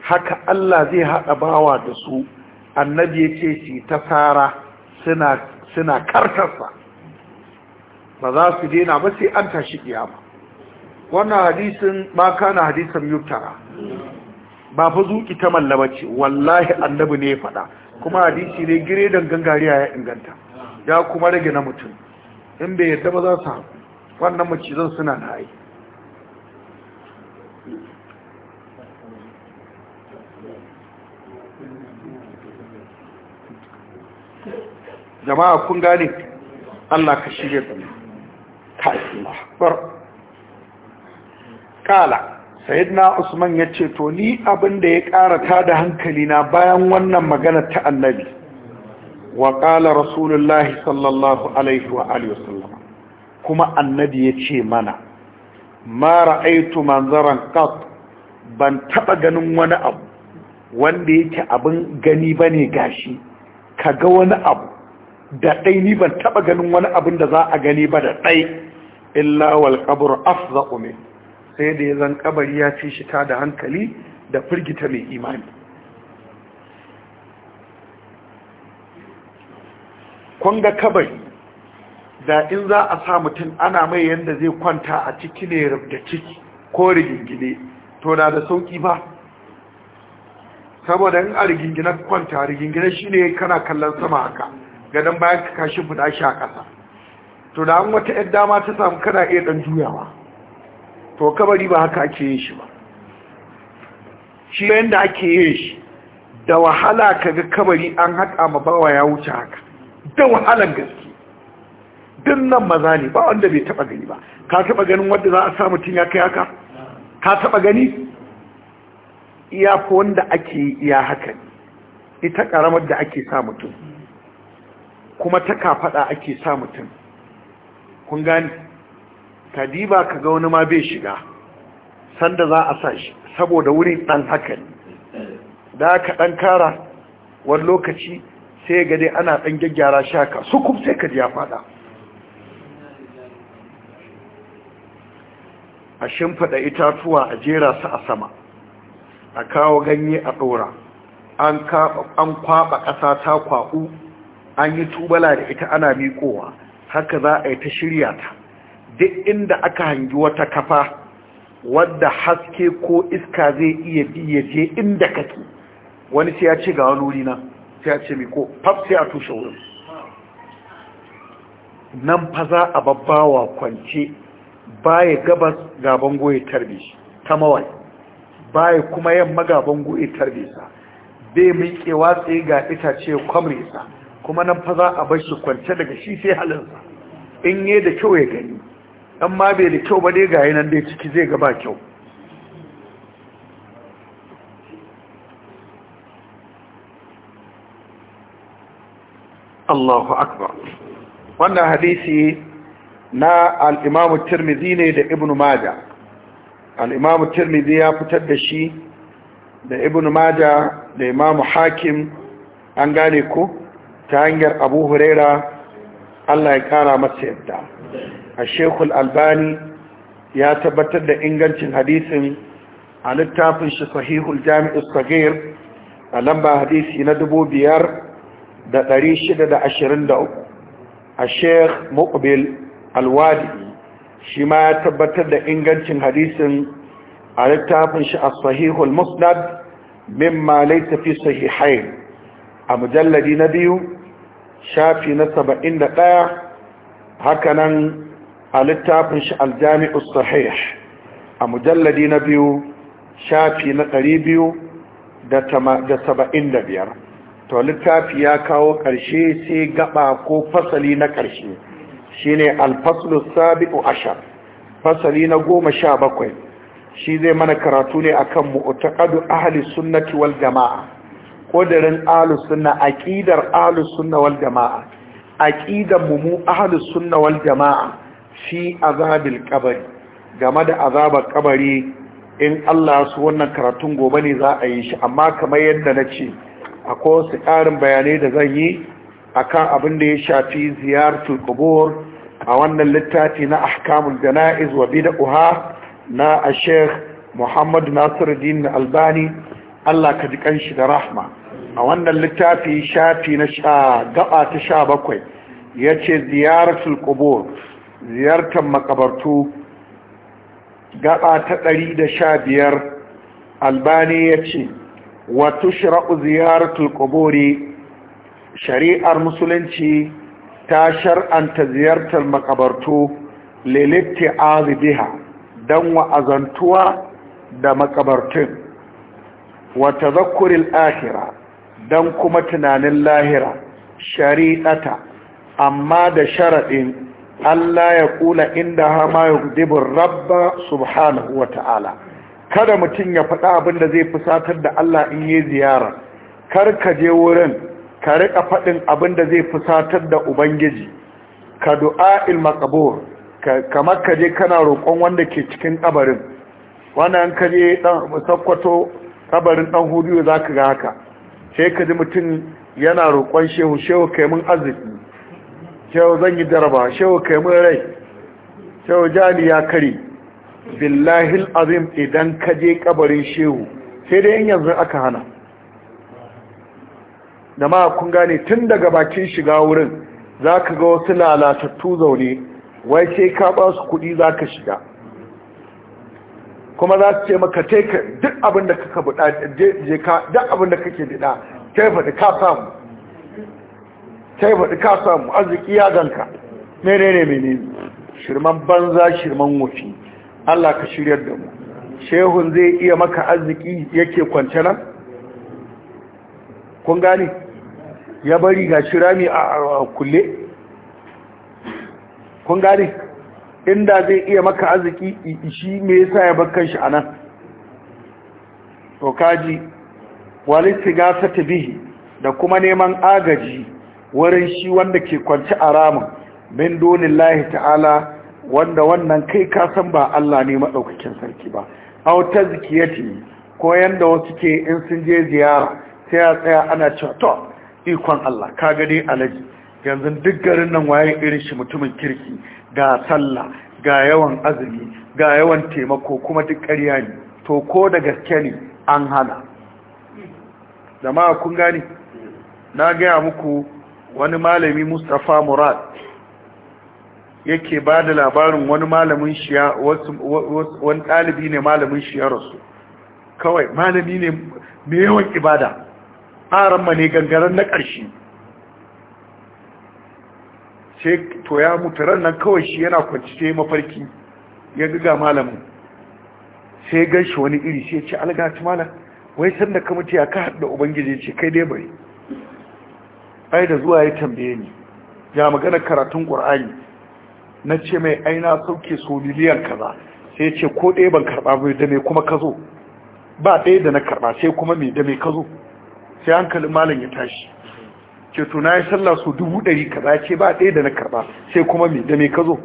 haka Allah zai haɗa bawa da su annabi ya ce shi ta tsara suna karkarsa ba za su dina ba sai an tashi ba wannan hadisin ba kana hadisin yutara ba fa zuki ta mallaba ce wallahi annabi ne ya faɗa kuma hadisi ne giredan gangariya ya inganta ya kuma rage na mutum in bai yadda ba za su wannan macizan suna na yi jama'a kun gane Allah ka shirya da mu kala sayyidina usman ya ce to ni abin da ya karata da hankalina bayan wannan magana ta annabi wa ƙala rasulullahi sallallahu alaihi wa sallama kuma annabi ya ce mana ma ra'aitu manzaran qat ban taba ganin wani abu wanda yake abin gani bane gashi kaga wani abu da ɗai ni ban taba ganin wani abin da za a gani ba da ɗai illa wal qabr afza'u sai da ya zan kabari ya ci shi ta da hankali da firgita mai imani kwanga kabari da in za a sa mutum ana mai yadda zai kwanta a ciki ne da ciki ko rigingine to na da sauki ba saboda in a rigingine kwanta rigingine shi ne kana kallon sama haka gadon bayan ka kashi fuda shi a ƙasa to da an wata yadda dama ta samu kana iya ɗan juyawa to kabari ba haka ake yin shi ba shi yadda ake yin shi da wahala ka ga kabari an haƙa ma bawa ya wuce haka da wahalan gaske nan maza ne ba wanda bai taba gani ba ka taba ganin wanda za a sa mutum ya kai haka ka taba gani iya ko wanda ake iya haka ita karamar da ake sa mutum kuma ta kafaɗa ake sa mutum kun gani kadiba ka ga wani ma bai shiga sanda za a sa shi saboda wurin ɗan haka ne da ka ɗan kara wani lokaci sai ga dai ana ɗan gyaggyara shaka su kuma sai ka ya faɗa a shimfada itatuwa a jera su a sama a kawo ganye a ɗora an kwaɓa ƙasa ta kwaɓu an yi tubala da ita ana miƙowa haka za a yi ta shirya ta duk inda aka hangi wata kafa wadda haske ko iska zai iya biye je inda kake wani sai ya ce ga wani wuri na sai ya ce ko, fab sai a tushe wurin nan fa za a babbawa kwance baya gabas gaban goye tarbe ta mawai baya kuma yamma gaban goye tarbe sa bai miƙewa tsaye ga itace kwamre sa kuma nan fa za a bashi kwance daga shi sai halinsa in yi da kyau ya gani ɗan ma bai da kyau ba dai ga nan da ciki zai gaba kyau Allahu akbar wannan hadisi na al'imamu tirmidhi ne da ibn maja al'imamu tirmidhi ya fitar da shi da ibn maja da imamu hakim an gane ku ta hanyar abu huraira Allah ya kara masa yadda a shekul albani ya tabbatar da ingancin hadisin a littafin shi sahihul jami'ul sagir a lamba hadisi na dubu biyar da da da uku. a sheikh muqbil alwadi shi ma ya tabbatar da ingancin hadisin a littafin shi a sahihul musnad mimma laita fi sahihain a mujalladi na biyu shafi na saba'in da ɗaya hakanan a littafin shi aljami'u sahih a mujalladi na biyu shafi na ɗari biyu da saba'in da biyar to littafi ya kawo ƙarshe sai gaba ko fasali na ƙarshe shi ne alfaslu sabi'u ashar fasali na goma sha bakwai shi zai mana karatu ne a kan mu'utakadu ahali sunnati wal jama'a kodarin ahalus sunna aƙidar ahalus sunna wal jama'a aƙidar mu mu sunna wal jama'a Shi azabil kabari game da azabar kabari in Allah su wannan karatun gobe ne za a yi shi amma kamar yadda na ce akwai wasu ƙarin bayanai da zan yi a kan abin da ya shafi ziyartar kubur a wannan littafi na ahkamul janaiz wa Uha na a Sheikh Nasiru Nasiruddin Albani Allah ka ji kanshi da rahma a wannan littafi shafi na gaba ta sha bakwai, ya ce ziyaratul qubur ziyartar makabartu gaba ta ɗari da sha biyar albani ya ce wata shira'u ziyartar kuburi shari'ar musulunci ta shar'anta ziyartar makabartu lilitti azibiha don wa'azantuwa da makabartun wata zakurin ahira don kuma tunanin lahira shari'ata amma da sharaɗin Allah ya kula inda ha ma yudibur rabba subhanahu wa ta'ala kada mutum ya faɗa abin da zai fusatar da Allah in yi ziyara kar ka je wurin ka riƙa faɗin abin da zai fusatar da ubangiji ka du'a il makabur, kamar ka je kana roƙon wanda ke cikin wanda wannan ka je dan sakkwato kabarin dan za zaka ga haka sai ka mutum yana roƙon shehu shehu kai mun arziki shehu zan yi daraba shehu kai mun rai shehu jani ya kare billahi azim idan ka je kabarin shehu sai dai in yanzu aka hana da ma kun gane tun daga bakin shiga wurin za ka ga wasu lalatattu zaune wai sai ka ba su kuɗi za ka shiga kuma za su ce maka teka duk abinda da kake buɗa je ka duk abin da kake kai faɗi ka samu sai faɗi ka samu arziki ya ganka mene ne mene shirman banza shirman wufi Allah ka shiryar da mu shehun zai iya maka arziki yake kwance nan kun gane ya bari ga shirami a kulle kun gane inda zai iya maka arziki shi me yasa ya bakkan shi anan to kaji walistiga ta bihi da kuma neman agaji wurin shi wanda ke kwanci a ramin min lahi ta'ala wanda wannan kai kasan ba Allah ne maɗaukakin sarki ba aw tazkiyati ko yanda wasu ke in sun je ziyara sai ya tsaya ana cewa to ikon Allah ka ga alaji yanzu duk garin nan waye irin shi mutumin kirki ga sallah ga yawan azumi ga yawan taimako kuma duk ƙarya ne to ko da gaske ne an hana jama'a kun gani na gaya muku wani malami mustapha murad yake ba da labarin wani malamin shiya wani ɗalibi ne malamin rasu. kawai malami ne mai yawan ibada haramma ne gangaren na ƙarshe sai to ya mutu rannan kawai shi yana kwanci sai mafarki ya ga malamin sai gan shi wani iri sai ce algaci malam wai sanda ka mutu ya ka da ubangiji ce kai dai bari. ai da zuwa ya tambaye ni ya magana karatun qur'ani na ce mai aina sauke so miliyan kaza sai ce ko ɗaya ban karɓa mai da mai kuma ka zo ba ɗaya da na karɓa sai kuma mai da mai ka zo sai hankalin malam ya tashi ce to na yi sallah so dubu ɗari kaza ce ba ɗaya da na karɓa sai kuma mai da mai ka zo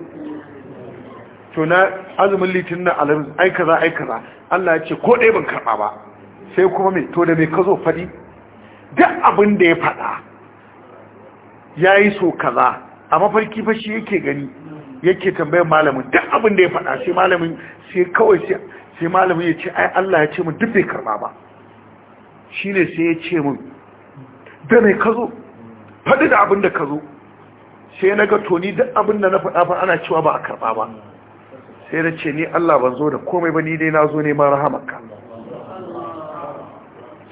to na azumin litinin na alamis ai kaza ai kaza Allah ya ce ko ɗaya ban karɓa ba sai kuma mai to da mai ka zo faɗi duk abin da ya faɗa ya yi so kaza a mafarki fashi yake gani yake tambayar malamin duk abin da ya faɗa sai malamin sai kawai sai malamin ya ce ai Allah ya ce min duk bai karba ba shine sai ya ce min da mai kazo faɗi da abin da kazo sai na ga toni duk abin da na faɗa fa ana cewa ba a karba ba sai na ce ni Allah ban zo da komai ba ni dai na zo neman rahamarka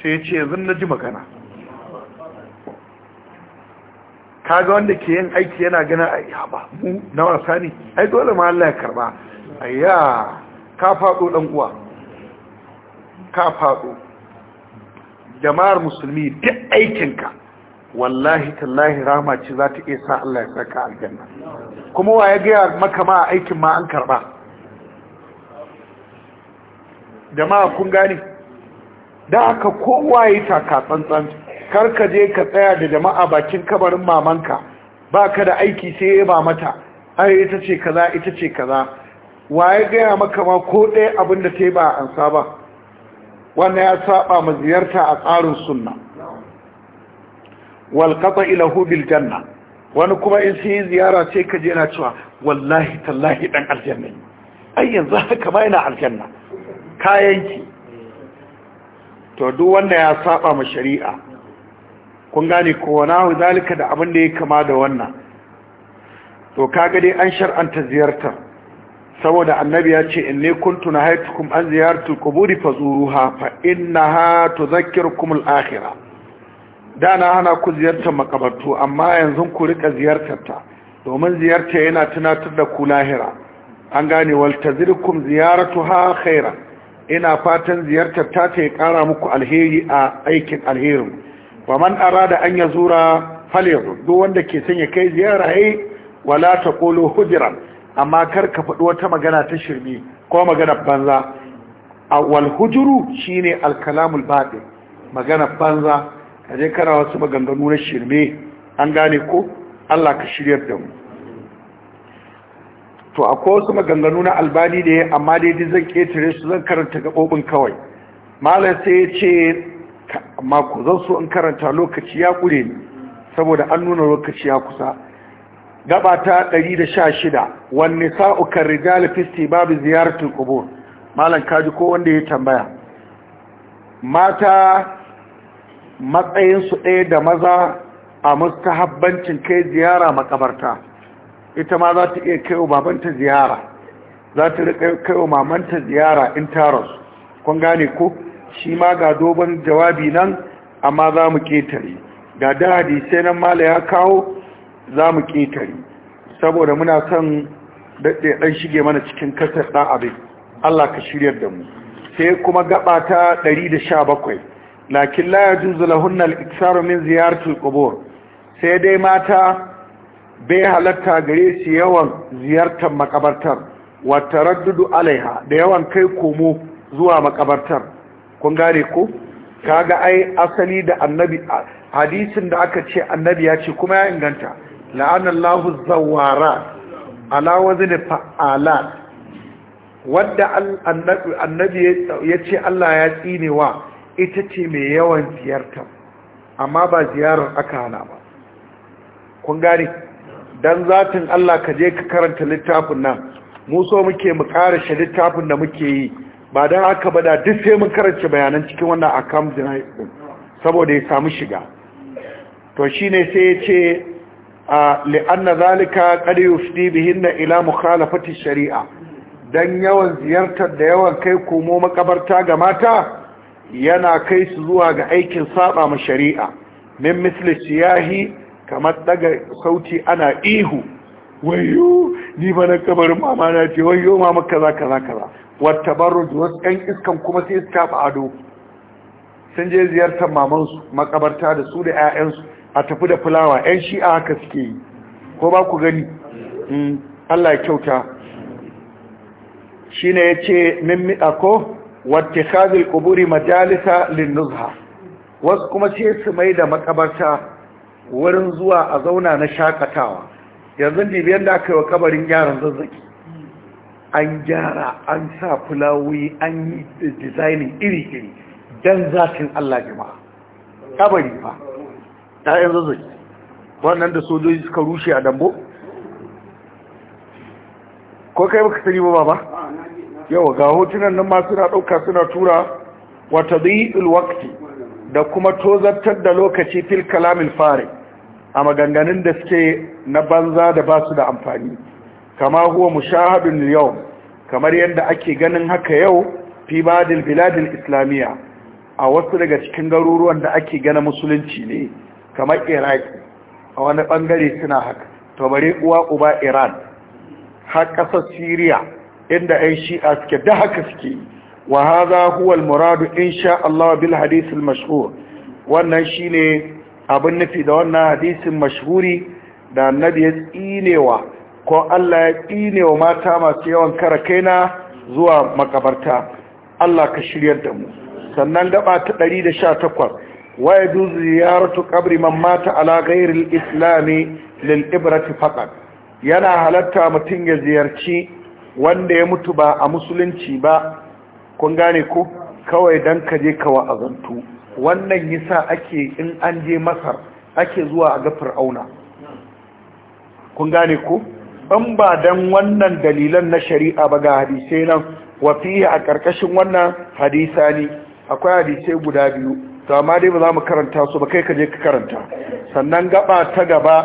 sai ya ce yanzu na ji magana kaga wanda ke yin aiki yana gina a ya ba mu na wasa ne ai dole ma Allah ya karba ayya ka faɗo ɗan uwa ka faɗo jama'ar musulmi duk aikinka wallahi tallahi rama ce za ta iya sa Allah ya saka aljanna kuma wa ya gaya maka ma aikin ma an karba jama'a kun gani da haka kowa yi taka tsantsan kar ka je ka tsaya da jama'a bakin kabarin mamanka ba ka da aiki sai ya ba mata ai ita ce kaza ita ce kaza waye gaya maka ma ko ɗaya abin da ta yi ba ansa ba? wannan ya saba ma ziyarta a tsarin sunna wal qata ilahu bil janna wani kuma in sai ziyara sai ka je na cewa wallahi tallahi dan aljanna ai yanzu haka ma ina aljanna kayanki to duk wanda ya saba ma shari'a kun gane kowana zalika da abin da ya kama da wannan to kaga dai an shar'anta ziyartar saboda annabi ya ce in ne kuntu na haitukum an ziyartu kuburi fa zuruha fa innaha tudhakkirukum al-akhirah da na hana ku ziyartar makabartu amma yanzu ku rika ziyartar ta domin ziyarta yana tunatar da ku lahira an gane wal tazirkum ziyaratuha khaira ina fatan ziyartar ta ta ya kara muku alheri a aikin alherin wa man arada an yazura falyazur duk wanda ke son ya kai ziyara yayi eh, wala kolo hujran amma kar ka faɗi wata magana ta shirme ko magana banza wal hujuru shine al kalamul batil magana banza kaje kana wasu maganganu na shirme an gane ko Allah ka shiryar da mu to akwai wasu maganganu na albani da amma dai zan ƙetare su zan karanta gaɓoɓin kawai malam sai ya ce amma ku zan so in karanta lokaci ya ƙure ni saboda an nuna lokaci ya kusa gaba ta 116 Wanne nisa'u kan rijal fi babu ziyartar qubur malam kaji ko wanda ya tambaya mata matsayinsu ɗaya da maza a mustahabbancin kai ziyara makabarta ita ma za ta iya wa babanta ziyara za ta riƙa wa mamanta ziyara in taros kun gane ko shi ma ga dogon jawabi nan amma za mu ketare ga da hadisai nan mala ya kawo za mu ketare saboda muna son daɗe ɗan shige mana cikin kasar ɗan abin Allah ka shirya da mu sai kuma gaba ta 117 lakin laya yajuzu lahunna al-iksaru min ziyartar kubur sai dai mata bai halatta gare su yawan ziyartar makabartar Wata raddudu alaiha da yawan kai komo zuwa makabartar kun gane ko kaga ai asali da annabi hadisin da aka ce annabi ya ce kuma ya inganta la'anallahu zawara ala wazni fa'ala wadda annabi ya ce Allah ya tsinewa ita ce mai yawan ziyarta amma ba ziyarar aka hana ba kun gane dan zatin Allah ka je ka karanta littafin nan mu so muke mu ƙara littafin da muke yi ba don aka ba da duk sai mun karance bayanan cikin wannan account denial din saboda ya samu shiga to shine sai ya ce li'anna zalika qad yufdi bihinna ila mukhalafati shari'a dan yawan ziyartar da yawan kai komo makabarta ga mata yana kai su zuwa ga aikin saba ma shari'a min misli siyahi kamar daga sauti ana ihu wayo ni ba na kabarin mama na ce wayo mama kaza kaza kaza wata barruj wasu ɗan iskan kuma sai iska ba ado sun je ziyartar mamansu makabarta da su da 'ya'yansu a tafi da fulawa 'yan shi'a haka suke yi ko ba ku gani mm, Allah ya kyauta shi ne ya ce mimmita ko wata kazil kuburi majalisa linnuzha wasu kuma sai su mai da makabarta wurin zuwa a zauna na shakatawa yanzu dibiyar da aka yi wa kabarin gyaran zazzaki an gyara an sa fulawoyi an yi dizainin iri-iri don zafin allah jama'a kabari ba ɗayan zazzaki wannan da sojoji suka rushe a dambo ko kai baka sani ba ba yawa ga hotunan nan ma suna ɗauka suna tura wata zai ilwakti da kuma tozartar da lokaci fil kalamin farin a maganganun da suke na banza da ba su da amfani kama huwa mushahadun yau kamar yadda ake ganin haka yau Fibadil badil biladil islamiyya a wasu daga cikin garuruwan da ake gana musulunci ne kamar iraki a wani bangare suna haka to uwa uba iran har kasar syria inda ai shi'a suke da haka suke wa hadha huwa al muradu insha Allah bil hadith al mashhur wannan shine abin nufi da wannan hadisin mashhuri da annabi ya tsinewa ko Allah ya tsinewa mata masu yawan kara kaina zuwa makabarta Allah ka shiryar da mu sannan gaba ta 118 wa yajuzu ziyaratu qabri man mata ala ghayri al-islami lil ibrati faqat yana halatta mutum ya ziyarci wanda ya mutu ba a musulunci ba kun gane ko kawai dan kaje ka wa'azantu wannan yasa ake in an je masar ake zuwa a ga fir'auna kun gane ko in ba dan wannan dalilan na shari'a ba ga hadisai nan wa fihi a karkashin wannan ne akwai hadisai guda biyu to amma dai ba za mu karanta su ba kai ka je ka karanta sannan gaba ta gaba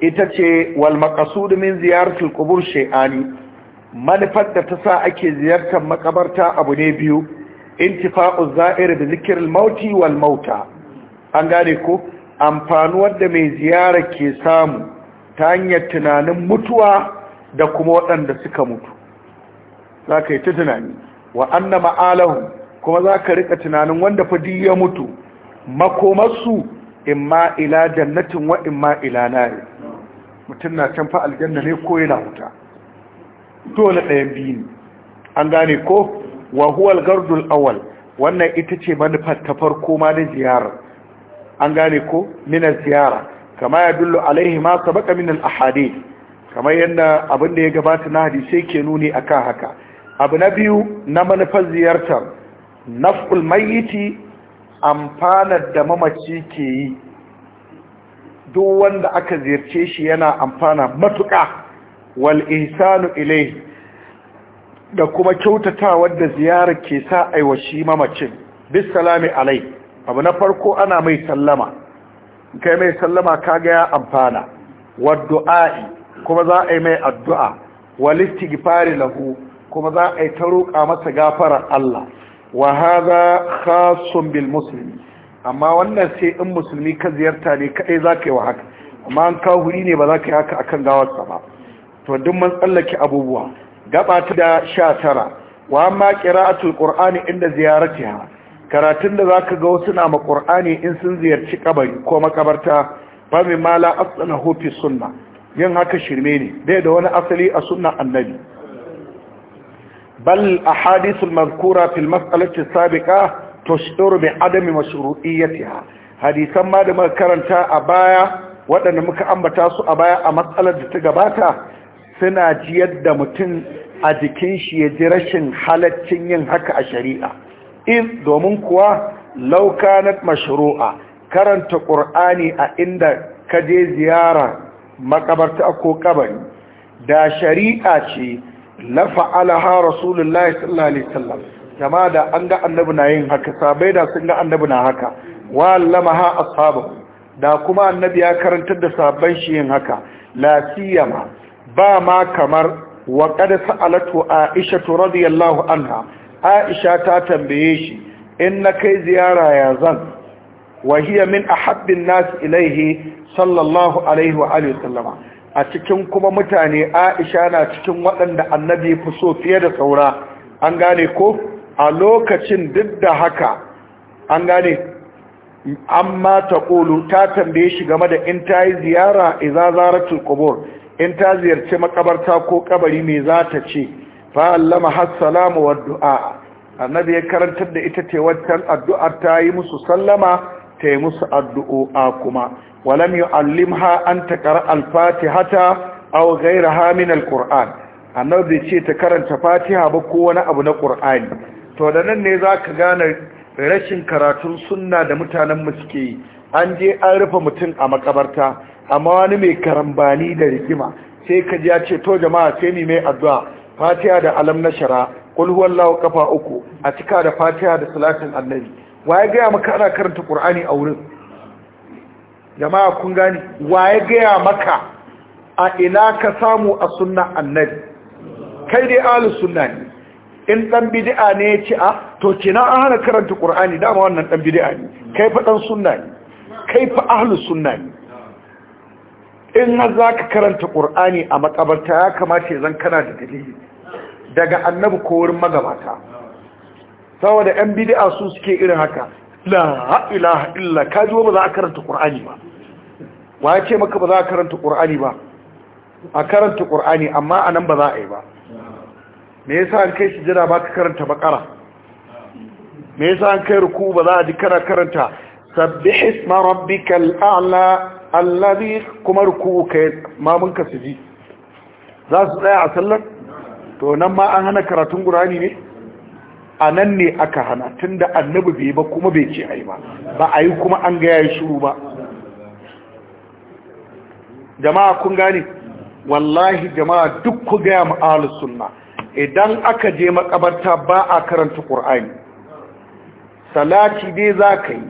ita ce wal maqsud min ziyaratul qubur shay'ani manufar da ta sa ake ziyartar makabarta abu ne biyu intifa'u za'ir da zikir mauti wal mauta an gane ko amfanuwar da mai ziyara ke samu ta hanyar tunanin mutuwa da kuma waɗanda suka mutu za ka yi ta tunani wa anna ma'alahu kuma za ka rika tunanin wanda fadi ya mutu makomarsu imma ila jannatin wa imma ila nari mutum na can fa aljanna ne ko yana wuta dole ɗayan biyu ne an gane ko wa gardul awal wannan ita ce manufar ta farko ma na ziyara an gane ko minar ziyara kama ya dullu alaihi ma sabaka min al-ahadith kamar yadda abin da ya gabata na hadisai ke nuni akan haka abu na biyu na manufar ziyartar naf'ul mayyiti amfanar da mamaci ke yi duk wanda aka ziyarce shi yana amfana matuƙa wal ihsanu ilayhi da kuma kyautatawa da ziyara ke sa shi mamacin bisalami alai abu na farko ana mai sallama kai mai sallama kaga ya amfana Wa du'a'i. kuma za a yi mai addu'a wa listighfari lahu kuma za a yi ta roƙa masa gafarar Allah wa haza khasun bil muslimi amma wannan sai in musulmi ka ziyarta ne kaɗai za ka yi wa haka amma an ka huri ne ba za ka yi haka akan gawarsa ba to duk mun tsallake abubuwa gaba ta da sha tara wa amma qira'atul qur'ani inda ziyaratiha karatun da zaka ga wasu na ma qur'ani in sun ziyarci kabari ko makabarta fa mala mala asna aslahu sunna yin haka shirme ne bai da wani asali a sunna annabi bal ahadithul mazkura fil mas'alati sabiqa tushiru bi adami mashru'iyyatiha hadisan ma da muka karanta a baya waɗanda muka ambata su a baya a matsalar da ta gabata suna jiyar da mutum a jikin shi ya ji rashin halaccin yin haka a shari'a in domin kuwa na mashru'a karanta ƙur'ani a inda ka je ziyara makabarta ko kabari da shari'a ce la fa'alaha rasulullahi sallallahu alaihi wasallam jama da an ga annabi na yin haka sabai da sun ga annabi na haka wallamaha ashabu da kuma annabi ya karantar da sabban shi yin haka la siyama ba ma kamar wa alatu a aisha radiyallahu anha aisha ta tambaye shi in na kai ziyara ya zan wa hiya min haɗin nas ilaihi sallallahu alaihi wa alihi a cikin kuma mutane aisha na cikin waɗanda annabi fi so fiye da saura an gane ko a lokacin duk da haka an gane amma ta ƙolu ta tambaye shi game da in ta yi ziyara iza zaratul in ta ziyarci makabarta ko kabari mai za ta ce fa allama hassalamu wa du'a annabi ya karantar da ita ce waccan addu'a ta yi musu sallama ta yi musu addu'o'a kuma walam yu'allimha an taqra al-fatihata aw ghayraha min al annabi ce ta karanta fatiha ba ko wani abu na qur'ani to da nan ne zaka gane rashin karatun sunna da mutanen mu an je an rufe mutum a makabarta amma wani mai karambani da rigima sai ka ji ya ce to jama'a sai ni mai addu'a fatiha da alam na shara kul huwallahu kafa uku a cika da fatiha da salatin annabi waye ga maka ana karanta qur'ani a wurin jama'a kun gani waye ga maka a ina ka samu a sunna annabi kai dai ahlus sunna ne in dan bid'a ne ya ce a ah, to kina an hana karanta qur'ani dama wannan dan bid'a ne kai fa dan sunna ne kai fa ahlus sunna ne in na za ka karanta ƙur'ani a makabarta ya kamata zan kana da dalili daga annabu ko wurin magabata saboda yan bidi'a su suke irin haka la ilaha illa ka ji ba za a karanta ƙur'ani ba wa ya ce maka ba za a karanta ƙur'ani ba a karanta ƙur'ani amma a nan ba za a yi ba me yasa an kai shi jira ba ka karanta bakara me yasa an kai ruku ba za a ji kana karanta sabbih isma rabbikal a'la allazi kuma ruku'u kai mamunka sujudi za su tsaya a sallar to nan ma an hana karatun qur'ani ne a nan ne aka hana tunda annabi bai ba kuma bai ce ai ba ba a yi kuma an ga yayi shiru ba jama'a kun gane wallahi jama'a duk ku gaya mu sunna idan aka je makabarta ba a karanta qur'ani salati dai za ka yi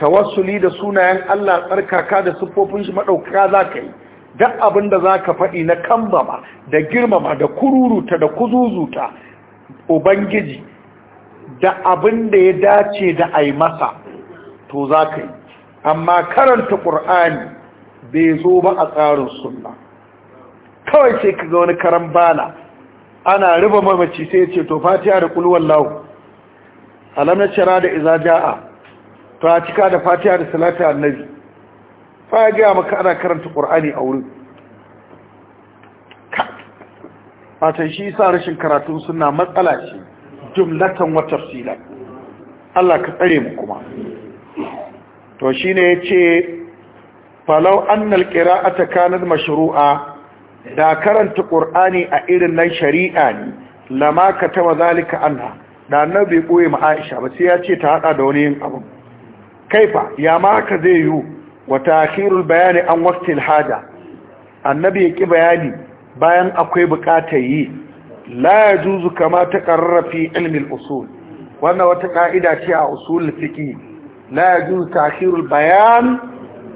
tawassuli da sunayen Allah tsarkaka da siffofin shi maɗaukaka za ka yi duk abin da za ka faɗi na kambama da girmama da kururuta da kuzuzuta ubangiji da abin da ya dace da a masa to za ka yi amma karanta ƙur'ani bai zo ba a tsarin sunna kawai sai kaga wani karan bana ana riba mamaci sai ce to fatiha da kulwallahu alam na shara da izajaa. fatika cika da fatiha da salati annabi fa ya gaya maka ana karanta qur'ani a wurin fatan shi sa rashin karatu suna matsala ce jumlatan wa tafsila Allah ka tsare mu kuma to shine yace falau annal qira'ata kanat mashru'a da karanta ƙur'ani a irin nan shari'a ne lama kataba zalika anha da annabi koyi ma Aisha ba sai ya ce ta haɗa da wani yin abu kaifa ya ma haka zai yiwu wa ta'khirul bayani an wakti haja annabi ƙi bayani bayan akwai buƙatar yi la yajuzu kama ta fi ilmin usul wannan wata ƙa'ida ce a usul fiqi la yajuzu ta'khirul bayan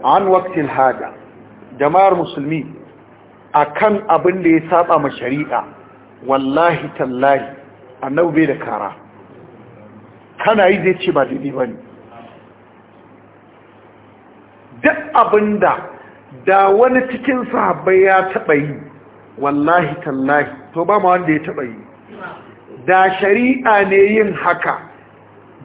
an wakti haja jama'ar musulmi akan abin da ya saba ma shari'a wallahi tallahi annabi bai da kara kana yi zai ce ba daidai bane duk abinda da wani cikin sahabbai ya taɓa yi wallahi tallahi to ba ma wanda ya taɓa yi da shari'a ne yin haka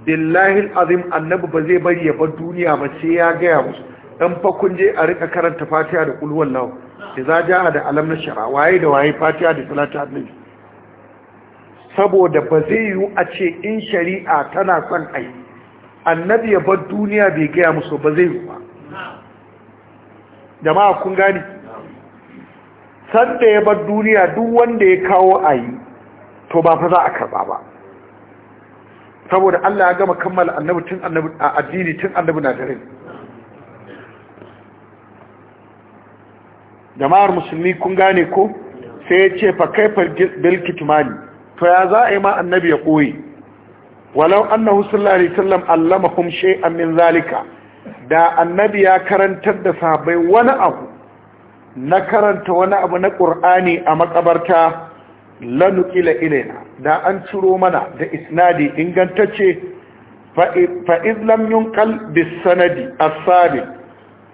billahi azim annabi ba zai bari ya bar duniya ba sai ya gaya musu dan fa kun je a rika karanta fatiha da qul wallahu idza jaa da alam shara waye da waye fatiha da salatu annabi saboda ba zai yi a ce in shari'a tana son ai annabi ya bar duniya bai gaya musu ba zai yi ba jama'a kun gani sanda ya bar duniya duk wanda ya kawo a yi to ba fa za a karɓa ba saboda Allah ya gama kammala annabi tun annabi a addini tun annabi na dare jama'ar musulmi kun gane ko sai ya ce fa fa bil kitmani to ya za a yi ma annabi ya koyi walau annahu sallallahu alaihi wasallam hum shay'an min zalika da annabi ya karantar da sabai wani abu na karanta wani abu na ƙur'ani a makabarta lanukila ilaina da an ciro mana da isnadi ingantacce fa'iz lam yunkal sanadi sanadi asabi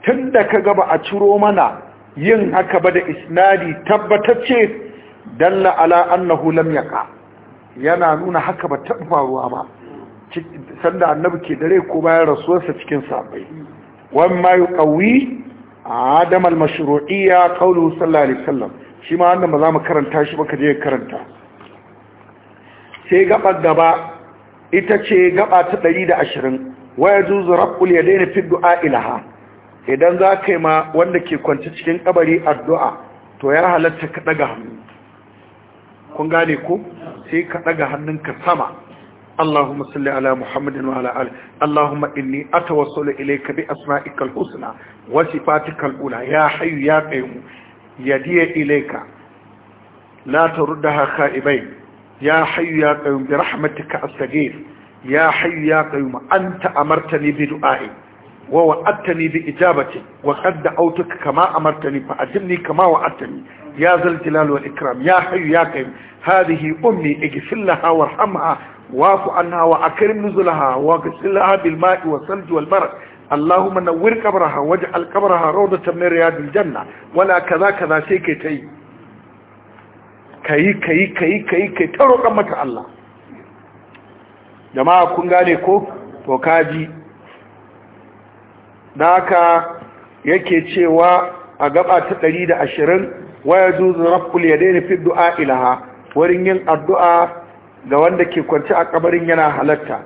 tun da ka gaba a ciro mana yin haka ba da isnadi tabbatacce dalla ala annahu lam yana nuna haka ba taɓa faruwa ba sanda annabi ke dare ko bayan rasuwarsa cikin sabai wamma yi ƙawi a adam al-mashru'iyya kawo sallallahu alaihi wasallam ba za mu karanta shi baka je ya karanta sai gabar gaba ita ce gaɓa ta ɗari da ashirin, waya zuzu rabbul ya daina fi du'a ilaha idan za ka yi ma wanda ke kwance cikin kabari addu'a to ya halatta ka daga hannu kun gane ko sai ka ɗaga hannun ka sama اللهم صل على محمد وعلى آله اللهم إني أتوصل إليك بأسمائك الحسنى وصفاتك الأولى يا حي يا قيوم يدي إليك لا تردها خائبين يا حي يا قيوم برحمتك أستغيث يا حي يا قيوم أنت أمرتني بدعائي ووعدتني بإجابتي وقد دعوتك كما أمرتني فأجبني كما وعدتني يا ذا الجلال والإكرام يا حي يا قيوم هذه أمي اغفر لها وارحمها واعف عنها وأكرم نزلها واغسل لها بالماء والثلج والبرد اللهم نور قبرها واجعل قبرها روضة من رياض الجنة ولا كذا كذا شيء كي كي كي كي كي كي تروق متى الله جماعة كن غانيكو وكاجي ذاك yake cewa a gaba ta 120 wa yajuzu rabbul yadayn fi du'a ilaha wurin yin addu'a ga wanda ke kwanci a kabarin yana halatta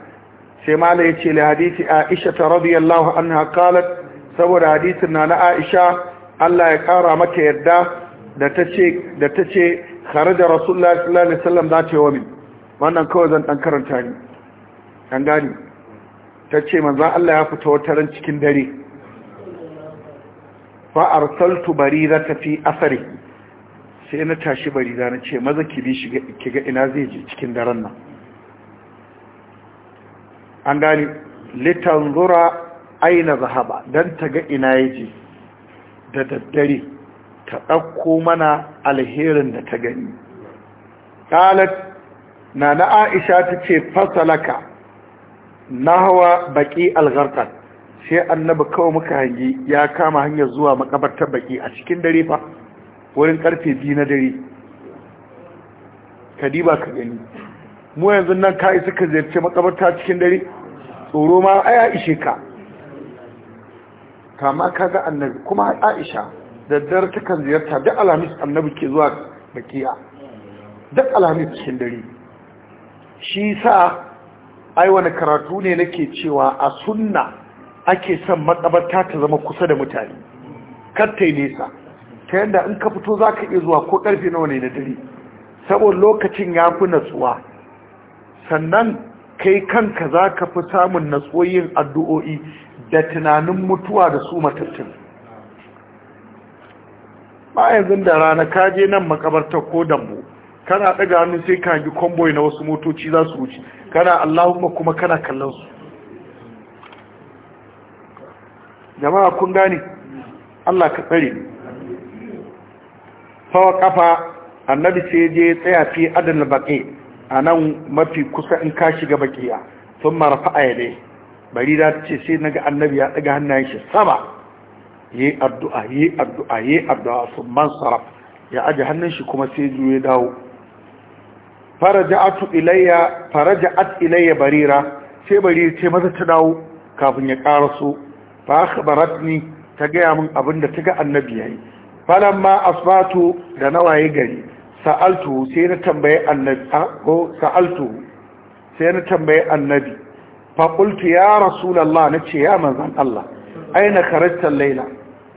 sai mala ya ce hadisi aisha ta radiyallahu anha qalat saboda hadisin na na aisha Allah ya kara mata yarda da ta ce kare da rasulullah sallallahu alaihi wasallam za ta yi wa min. wannan kawai zan ɗan karanta ni ɗan gani ma manzon Allah ya fita ran cikin dare bari za ta fi asari sai na tashi bari na ce maza ki shi ga ina zai je cikin daren nan an gani litan zura aina zahaba don ta ga ina ya je da daddare ta ɗauko mana alherin da ta gani ƙalat na na aisha ta ce fasalaka na hawa baƙi algartar sai annabi kawai muka hangi ya kama hanyar zuwa maƙabartar baƙi a cikin dare fa wurin karfe biyu na dare ka diba ka gani mu yanzu nan ka isa ka ziyarci makabarta cikin dare tsoro ma aya ishe ka kama ka ga annabi kuma aisha da dare ta kan ziyarta duk alhamis annabi ke zuwa bakiya duk alhamis cikin dare shi sa ai wani karatu ne nake cewa a sunna ake son makabarta ta zama kusa da mutane kar ta nesa ta yadda in ka fito za ka iya zuwa ko karfe nawa ne na dare saboda lokacin ya fi natsuwa sannan kai kanka za ka fi samun natsoyin addu'o'i da tunanin mutuwa da su matattun ba yanzu da rana ka je nan makabartar ko dambu kana daga hannu sai ka hangi kwamboyi na wasu motoci za su wuce kana allahumma kuma kana kallon su jama'a kun gane allah ka tsare fawa kafa annabi sai je tsaya fi adal baqi anan mafi kusa in ka shiga baqiya sun marfa ayade bari da ce sai naga annabi ya daga hannayen shi sama yi addu'a yi addu'a yi addu'a sun man saraf ya aje hannun shi kuma sai juye dawo faraja'atu ilayya faraja'at ilayya barira sai bari ce maza ta dawo kafin ya karaso fa akhbaratni ta ga mun abinda ta ga annabi yayi ma asbatu da nawaye gari sa'altu sai na tambaye annabi ko sa'altu sai na tambaye annabi fa ya na nace ya manzan Allah aina karatar Laila?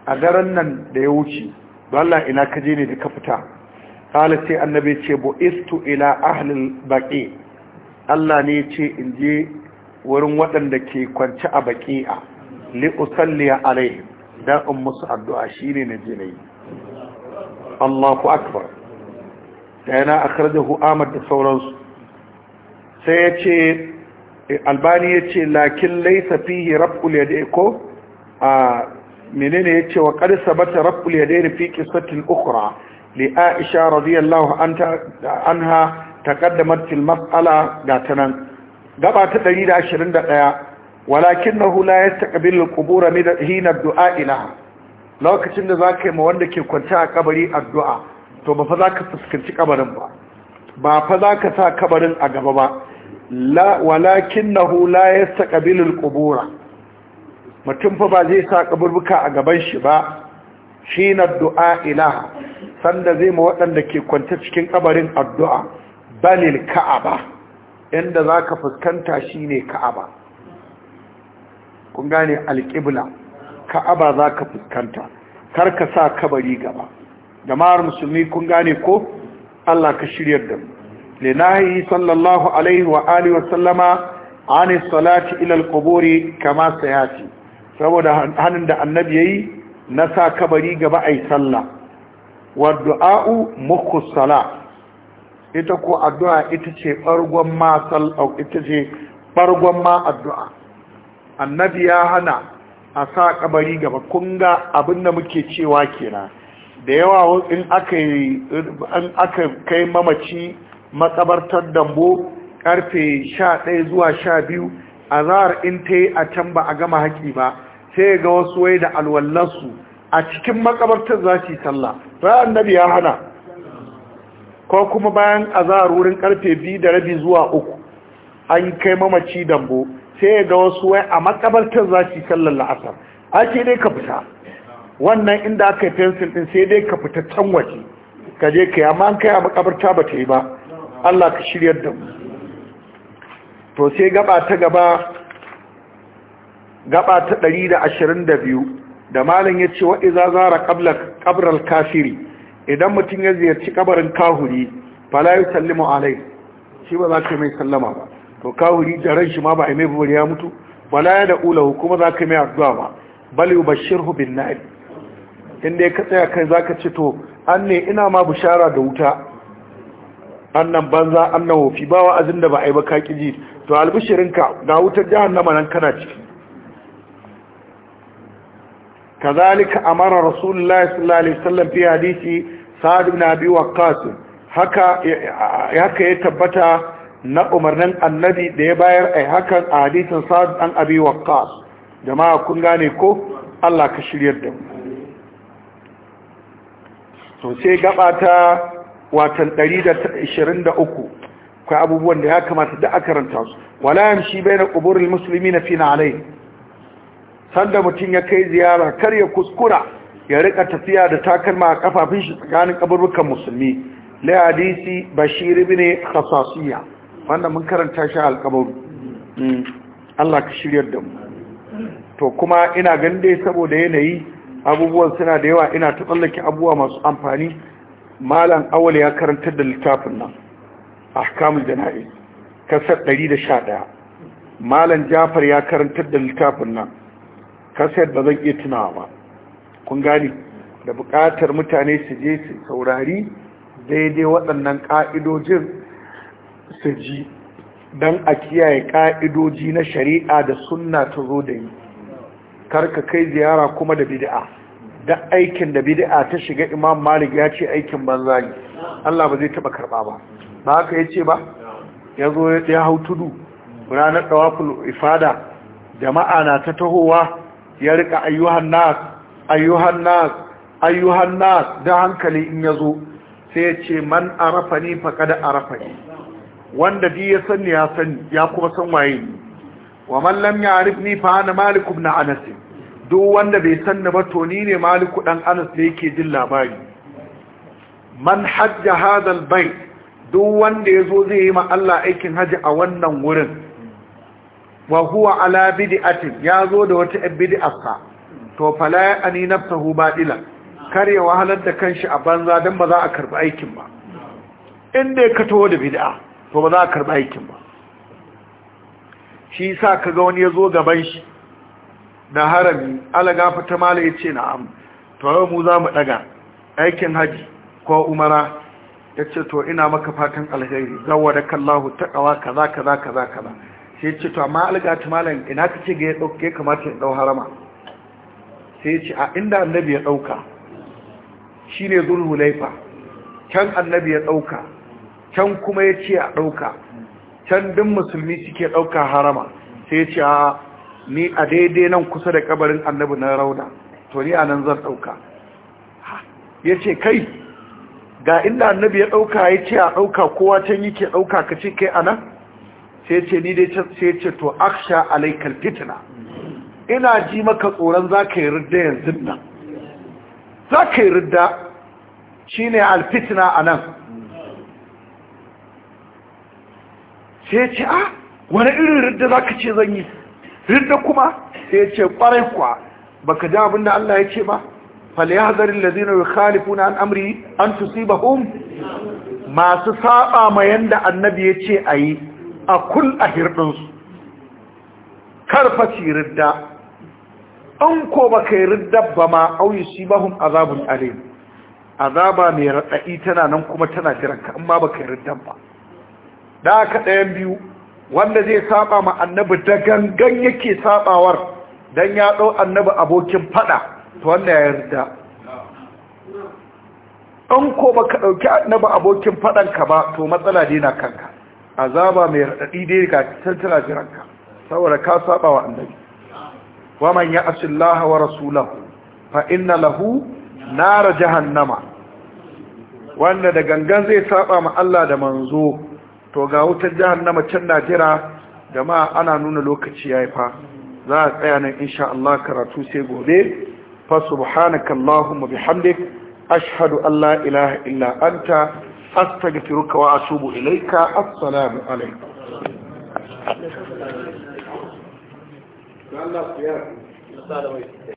a daren nan da ya wuce Allah ina ka je ne da ka fita ƙala sai annabi ce bu istu ila ahlil baƙi. Allah ne ce in je wurin waɗanda ke kwance a baƙi a li'usalliya alaihim dan in musu addu'a shine na je yi. Allahu akbar da yana akhrajahu Ahmad da sauransu sai ya ce albani ya ce lakin laisa fihi rab'ul yadayn ko a menene yace wa qad sabata rab'ul yadayn fi qissatin ukhra li Aisha radiyallahu anha anha taqaddamat fil mas'ala gatanan gaba ta 121 walakinahu la yastaqbilu al-qubur min hina ad-du'a ilaha lokacin da za ka yi ma wanda ke kwanci a kabari addu'a to ba fa za ka fuskanci kabarin ba ba fa za ka sa kabarin a gaba ba walakin na hula ya sa ƙabilin ƙubura mutum fa ba zai sa ƙaburbuka a gaban shi ba shi na du'a ilaha sanda zai ma waɗanda ke kwanci cikin kabarin addu'a balil ka'aba inda za ka fuskanta shi ne ka'aba kun gane alƙibla ka'aba za ka fuskanta kar ka sa kabari gaba jama'ar musulmi kun gane ko Allah ka shiryar da mu linahi sallallahu alaihi wa alihi wa ani salati ila alquburi kama sayati saboda hannun da annabi yayi na sa kabari gaba ai sallah wa du'a'u mukhu salat ita ko addu'a ita ce bargon ma sallau ita ce bargon ma addu'a annabi ya hana a sa kabari gaba kunga abinda muke cewa kenan da yawa in aka kai mamaci makabartar dambo karfe 11 zuwa 12 a in ta a can ba a gama haƙi ba sai ga wasu wai da alwallansu a cikin makabartar za su yi sallah ra'an nabi ya hana ko kuma bayan azar wurin karfe 2 da rabi zuwa 3 an kai mamaci dambo sai ga wasu wai a makabartar za su yi sallar la'asar ake dai ka fita wannan inda aka yi fensin din sai dai ka fita can waje ka je ka yi amma an kai a makabarta ba ta yi ba Allah ka shiryar da mu to sai gaba ta gaba gaba ta 122 da malin ya ce za zara ƙabrar kafiri idan mutum ya ziyarci kabarin kahuri fala yi sallimu alai shi ba za ka mai sallama ba to kawuri da ran shi ma ba a mai bubar ya mutu wala ya da ula hukuma za ka mai addu'a ba bali bal yubashshirhu bin na'il inda ka tsaya kai za ka ce to an ne ina ma bishara da wuta annan banza annan wofi ba wa'azin da ba a yi ba ka ƙi ji to albishirinka ga wutar nama nan kana ciki kazalika amara rasulullahi sallallahu alaihi wasallam fi hadisi sa'ad ibn abi waqqas haka haka ya tabbata na umarnin annabi da ya bayar a hakan a hadisin sa'ad an abi waqqas jama'a kun gane ko Allah ka shiryar da mu to sai gaba ta watan 123 kai abubuwan da ya kamata da aka ranta su wala yamshi musulmi quburil muslimina fi na'alai sanda mutum ya kai ziyara kar ya kuskura ya rika tafiya da takalma a kafafin shi tsakanin kaburbukan musulmi la hadisi bashir ibn khasasiyya wanda mun karanta shi alƙabaru mm. Allah ka shiryar da mu to kuma ina ganin dai saboda yanayi abubuwan suna da yawa ina ta tsallake abubuwa masu amfani malam awal ya karantar da littafin nan ahkamul jana'iz kasar 111 malam jafar ya karantar da littafin nan kasar da zan iya tunawa ba kun gani da buƙatar mutane su je su saurari daidai waɗannan ƙa'idojin su ji don a kiyaye ƙa'idoji na shari'a da sunna ta zo da yi karka kai ziyara kuma da bid'a da aikin da bid'a ta shiga imam malik ya ce aikin banza ne Allah ba zai taba karba ba ba haka ce ba ya zo ya hau tudu ranar dawaful ifada jama'a na ta tahowa ya rika ayyuhan nas ayyuhan da hankali in ya zo, sai ya ce man arafani arafa arafani wanda di ya sani ya sani ya kuma san waye ni wa man lam ya'rifni fa ana malik ibn anas duk wanda bai sanni ba to ni ne maliku dan anas da yake jin labari man hajja bai. albayt duk wanda yazo zai yi ma Allah aikin haji a wannan wurin wa huwa ala bid'atin yazo da wata bid'arsa to fala ya'ani nafsuhu badila kare wahalar da kanshi a banza dan ba za a karbi aikin ba In dai ka taho da bid'a to ba za a karɓa aikin ba shi sa kaga wani ya zo gaban shi da harami alaga ta mala ya ce na'am to yau mu za mu ɗaga aikin haji ko umara ya ce to ina maka fatan alheri zawo da kallahu taƙawa kaza kaza kaza kaza sai ce to amma alaga ta mala ina ka ce ga ya ɗauke kamata ya ɗau harama sai ya ce a inda annabi ya ɗauka shi ne Laifa. can annabi ya ɗauka can kuma ya ce a ɗauka can din musulmi suke ɗauka harama sai ya ce a ni a daidai nan kusa da kabarin annabi na rauna to ni a nan zan ɗauka ya ce kai ga inda annabi ya ɗauka ya ce a ɗauka kowa can yake ɗauka ka ce kai a nan sai ce ni dai sai ce to aksha alaikar fitina ina ji maka tsoron za ka yi ridda yanzu nan za ka yi ridda shi ne alfitina a nan sai ya ce a ah, wani irin ridda za ka ce zan yi ridda kuma sai ya ce ƙwarai kuwa ba ka ji abin da Allah ya ce ba ya falyazarin lazina ya khalifu na an amri an tusiba hun masu saba ma yanda annabi ya ce a yi a kul a hirɗinsu karfaci ridda an ko ba ka yi ridda ba ma auyi shi ba hun azabun alim azaba mai raɗaɗi tana nan kuma tana jiranka amma ba ka yi riddan ba da aka ɗayan biyu wanda zai saba ma annabi da gangan yake sabawar don ya ɗau annabi abokin fada to wanda ya yarda ɗan ko ba ka ɗauki annabi abokin faɗanka ba to matsala dina kanka azaba mai raɗaɗi dai ga tattara jiranka saboda ka saba wa annabi wa man ya asillaha wa rasulahu fa inna lahu nara jahannama wanda da gangan zai saba ma Allah da manzo to ga wutar na macen najira jama'a ana nuna lokaci yi fa za a tsaya nan insha Allah karatu sai gobe fa subhanaka allahumma bihamdik ashhadu an la ilaha illa anta astaghfiruka wa atubu ilayka assalamu alaikum